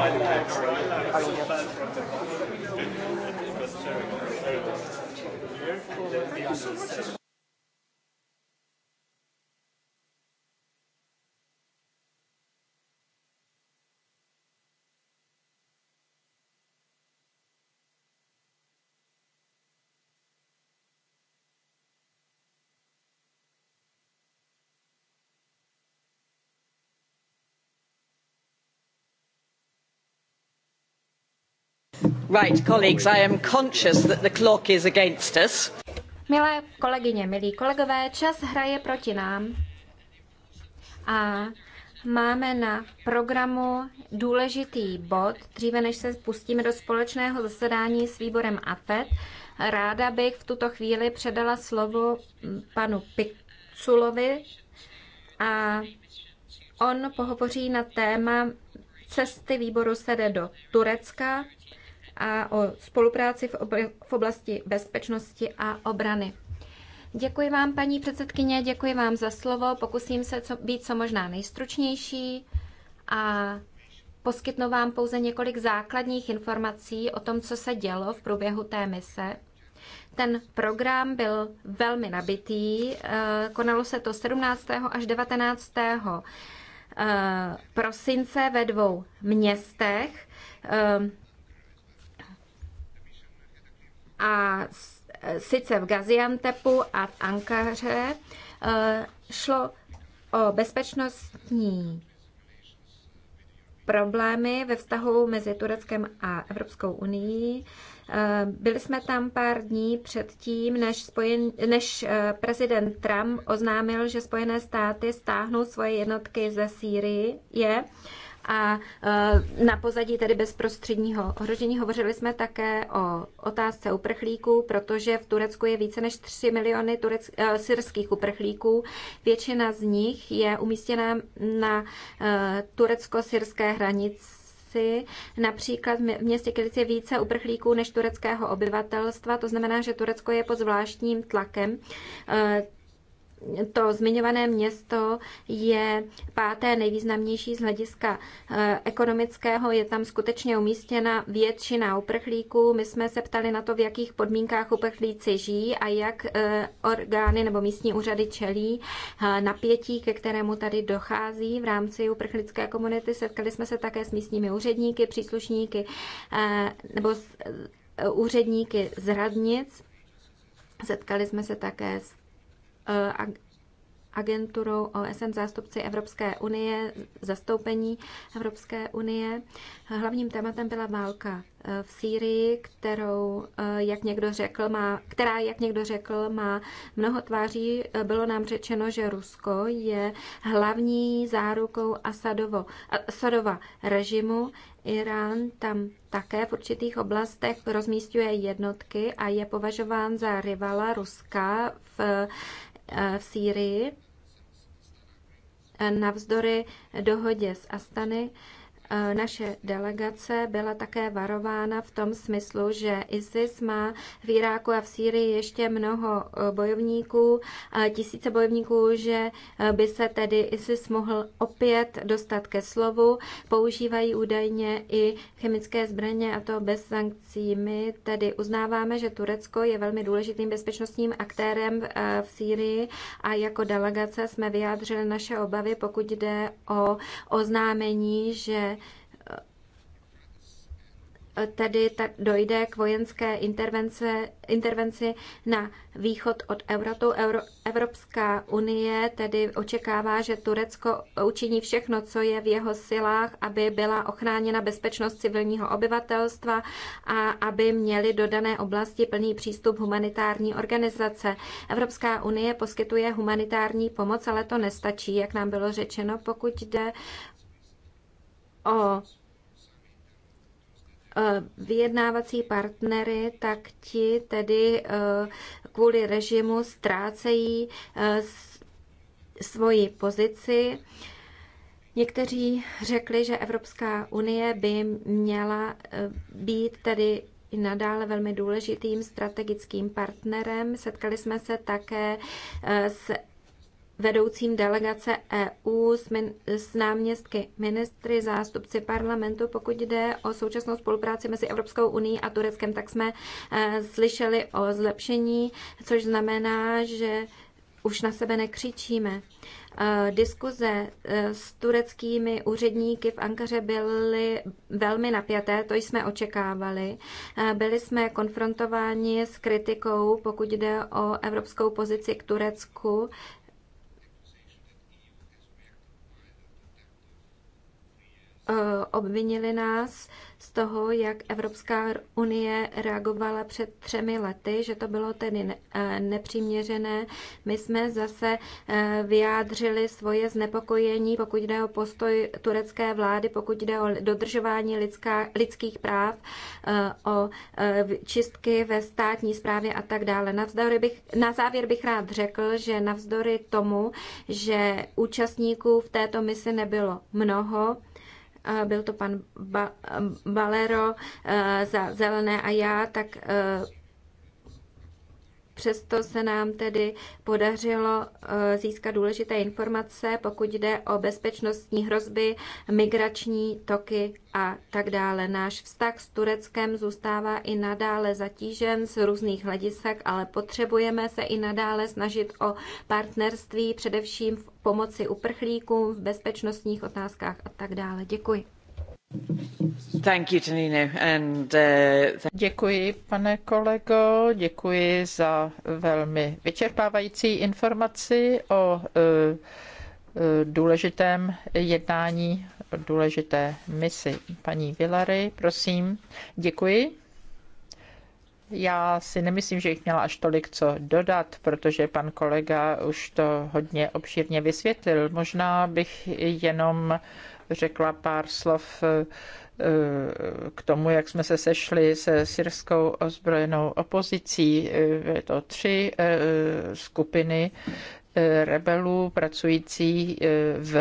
my legs. I don't get Right, colleagues, I am conscious that the clock is against us. Milé kolegyně, milí kolegové, čas hraje proti nám. A máme na programu důležitý bod. Dříve než se spustíme do společného zasedání s výborem AFET, ráda bych v tuto chvíli předala slovo panu Piculovi a on pohovoří na téma cesty výboru sede do Turecka a o spolupráci v oblasti bezpečnosti a obrany. Děkuji vám, paní předsedkyně, děkuji vám za slovo. Pokusím se co, být co možná nejstručnější a poskytnu vám pouze několik základních informací o tom, co se dělo v průběhu té mise. Ten program byl velmi nabitý, eh, konalo se to 17. až 19. Eh, prosince ve dvou městech. Eh, a e, sice v Gaziantepu a v Ankaře e, šlo o bezpečnostní problémy ve vztahu mezi Tureckem a Evropskou unii. E, byli jsme tam pár dní předtím, než, spojen, než prezident Trump oznámil, že Spojené státy stáhnou svoje jednotky ze Sýrie. Je a eh, na pozadí tedy bezprostředního ohrožení hovořili jsme také o otázce uprchlíků, protože v Turecku je více než 3 miliony turec, eh, syrských uprchlíků. Většina z nich je umístěna na eh, turecko-syrské hranici Například v městě Kilic je více uprchlíků než tureckého obyvatelstva, to znamená, že Turecko je pod zvláštním tlakem to zmiňované město je páté nejvýznamnější z hlediska eh, ekonomického. Je tam skutečně umístěna většina uprchlíků. My jsme se ptali na to, v jakých podmínkách uprchlíci žijí a jak eh, orgány nebo místní úřady čelí eh, napětí, ke kterému tady dochází v rámci uprchlické komunity. Setkali jsme se také s místními úředníky, příslušníky nebo úředníky z radnic. Setkali jsme se také s Eh, agenturou OSN zástupci Evropské unie, zastoupení Evropské unie. Hlavním tématem byla válka eh, v Sýrii, kterou, eh, jak někdo řekl, má, která, jak někdo řekl, má mnoho tváří. Bylo nám řečeno, že Rusko je hlavní zárukou Asadovo, Asadova režimu. Irán tam také v určitých oblastech rozmístuje jednotky a je považován za rivala Ruska v Eh, v Sýrii eh, navzdory dohodě s Astany naše delegace byla také varována v tom smyslu, že ISIS má v Iráku a v Sýrii ještě mnoho e, bojovníků, tisíce bojovníků, že e, by se tedy ISIS mohl opět dostat ke slovu. Používají údajně i chemické zbraně a to bez sankcí. My tedy uznáváme, že Turecko je velmi důležitým bezpečnostním aktérem e, v Sýrii a jako delegace jsme vyjádřili naše obavy, pokud jde o oznámení, že Eh, tedy tak dojde k vojenské intervenci, intervenci na východ od Euratu. Euro, Evropská unie tedy očekává, že Turecko učiní všechno, co je v jeho silách, aby byla ochráněna bezpečnost civilního obyvatelstva a aby měli do dané oblasti plný přístup humanitární organizace. Evropská unie poskytuje humanitární pomoc, ale to nestačí, jak nám bylo řečeno, pokud jde o Eh, vyjednávací partnery, tak ti tedy eh, kvůli režimu ztrácejí eh, svoji pozici. Někteří řekli, že Evropská unie by měla být tedy i nadále velmi důležitým strategickým partnerem. Setkali jsme se také s vedoucím delegace EU s, min, s náměstky ministry, zástupci parlamentu. Pokud jde o současnou spolupráci mezi Evropskou unii a Tureckem, tak jsme eh, slyšeli o zlepšení, což znamená, že už na sebe nekřičíme. Eh, diskuze eh, s tureckými úředníky v Ankaře byly velmi napjaté, to jsme očekávali. Byli jsme konfrontováni s kritikou, pokud jde o evropskou pozici k Turecku. Eh, obvinili nás z toho, jak Evropská unie reagovala před třemi lety, že to bylo tedy eh, nepřiměřené. My jsme zase eh, vyjádřili svoje znepokojení, pokud jde o postoj turecké vlády, pokud jde o dodržování lidská, lidských práv, o čistky ve státní správě a tak dále. bych, na závěr bych rád řekl, že navzdory tomu, že účastníků v této misi nebylo mnoho, byl to pan ba- Balero eh, za zelené a já, tak eh, Přesto se nám tedy podařilo eh, získat důležité informace, pokud jde o bezpečnostní hrozby, migrační toky a tak dále. Náš vztah s Tureckem zůstává i nadále zatížen z různých hledisek, ale potřebujeme se i nadále snažit o partnerství, především v pomoci uprchlíkům, v bezpečnostních otázkách a tak dále. Děkuji. Uh, děkuji, pane kolego, děkuji za velmi vyčerpávající informaci o eh, eh, důležitém jednání, o důležité misi. Paní Villary, prosím, děkuji. Já si nemyslím, že jich měla až tolik co dodat, protože pan kolega už to hodně obšírně vysvětlil. Možná bych jenom řekla pár slov eh, eh, k tomu, jak jsme se sešli se syrskou ozbrojenou opozicí. Eh, je to tři skupiny rebelů pracující v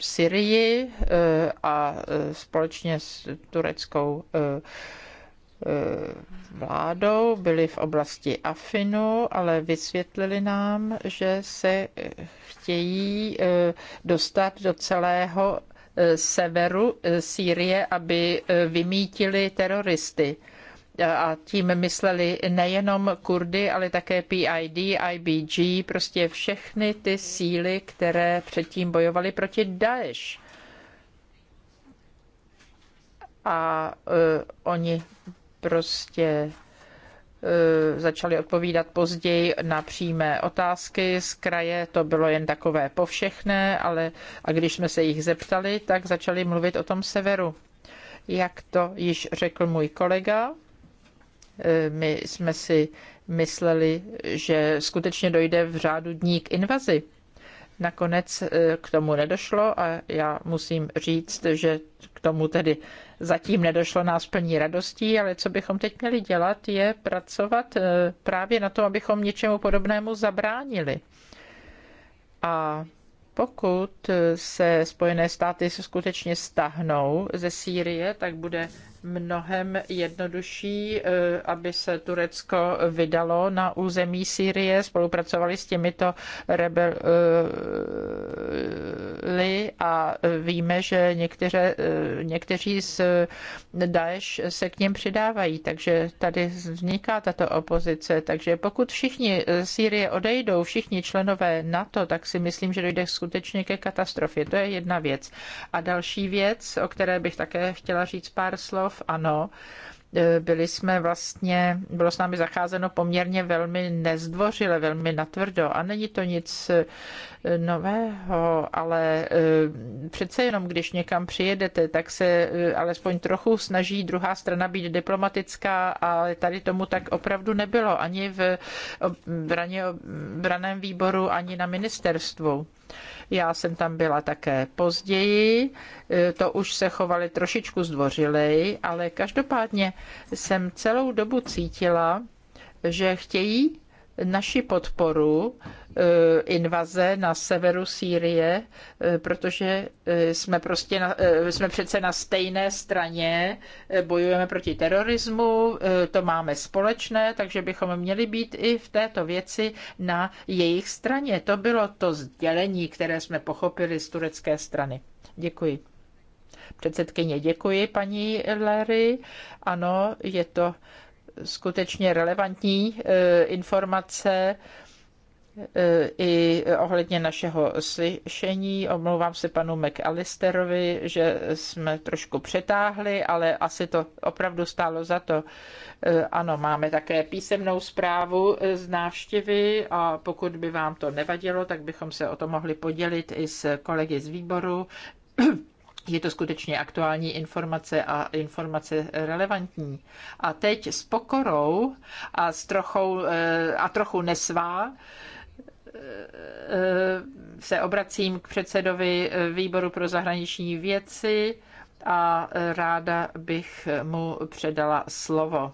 Syrii a společně s tureckou vládou, byli v oblasti Afinu, ale vysvětlili nám, že se chtějí dostat do celého severu eh, Sýrie, aby eh, vymítili teroristy eh, a tím mysleli nejenom Kurdy, ale také PID, IBG, prostě všechny ty síly, které předtím bojovaly proti Daesh. A uh, oni prostě Eh, začali odpovídat později na přímé otázky. Z kraje to bylo jen takové povšechné, ale a když jsme se jich zeptali, tak začali mluvit o tom severu. Jak to již řekl můj kolega, eh, my jsme si mysleli, že skutečně dojde v řádu dní k invazi Nakonec eh, k tomu nedošlo a já musím říct, že k tomu tedy zatím nedošlo nás plní radostí, ale co bychom teď měli dělat, je pracovat eh, právě na tom, abychom něčemu podobnému zabránili. A pokud eh, se Spojené státy se skutečně stahnou ze Sýrie, tak bude mnohem jednodušší, eh, aby se Turecko vydalo na území Sýrie. Spolupracovali s těmito rebeli eh, a víme, že některé, eh, někteří z Daesh se k něm přidávají, takže tady vzniká tato opozice. Takže pokud všichni Sýrie odejdou, všichni členové NATO, tak si myslím, že dojde skutečně ke katastrofě. To je jedna věc. A další věc, o které bych také chtěla říct pár slov, budov, ano, e, byli jsme vlastně, bylo s námi zacházeno poměrně velmi nezdvořile, velmi natvrdo a není to nic e, nového, ale e, přece jenom, když někam přijedete, tak se alespoň trochu snaží druhá strana být diplomatická, ale tady tomu tak opravdu nebylo, ani v braně, braném výboru, ani na ministerstvu. Já jsem tam byla také později, e, to už se chovali trošičku zdvořilej, ale každopádně jsem celou dobu cítila, že chtějí naši podporu eh, invaze na severu Sýrie, eh, protože eh, jsme, prostě na, jsme přece na stejné straně, bojujeme proti terorismu, to máme společné, takže bychom měli být i v této věci na jejich straně. To bylo to sdělení, které jsme pochopili z turecké strany. Děkuji. Předsedkyně, děkuji paní Lery. Ano, je to skutečně relevantní e, informace e, i ohledně našeho slyšení. Omlouvám se panu McAllisterovi, že jsme trošku přetáhli, ale asi to opravdu stálo za to. E, ano, máme také písemnou zprávu z návštěvy a pokud by vám to nevadilo, tak bychom se o to mohli podělit i s kolegy z výboru je to skutečně aktuální informace a informace relevantní. A teď s pokorou a, s trochou, eh, a trochu nesvá eh, se obracím k předsedovi eh, výboru pro zahraniční věci a ráda bych mu předala slovo.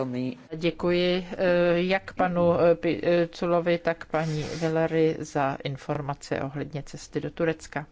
Um, Děkuji eh, jak panu eh, Piculovi, eh, tak paní Villery za informace ohledně cesty do Turecka.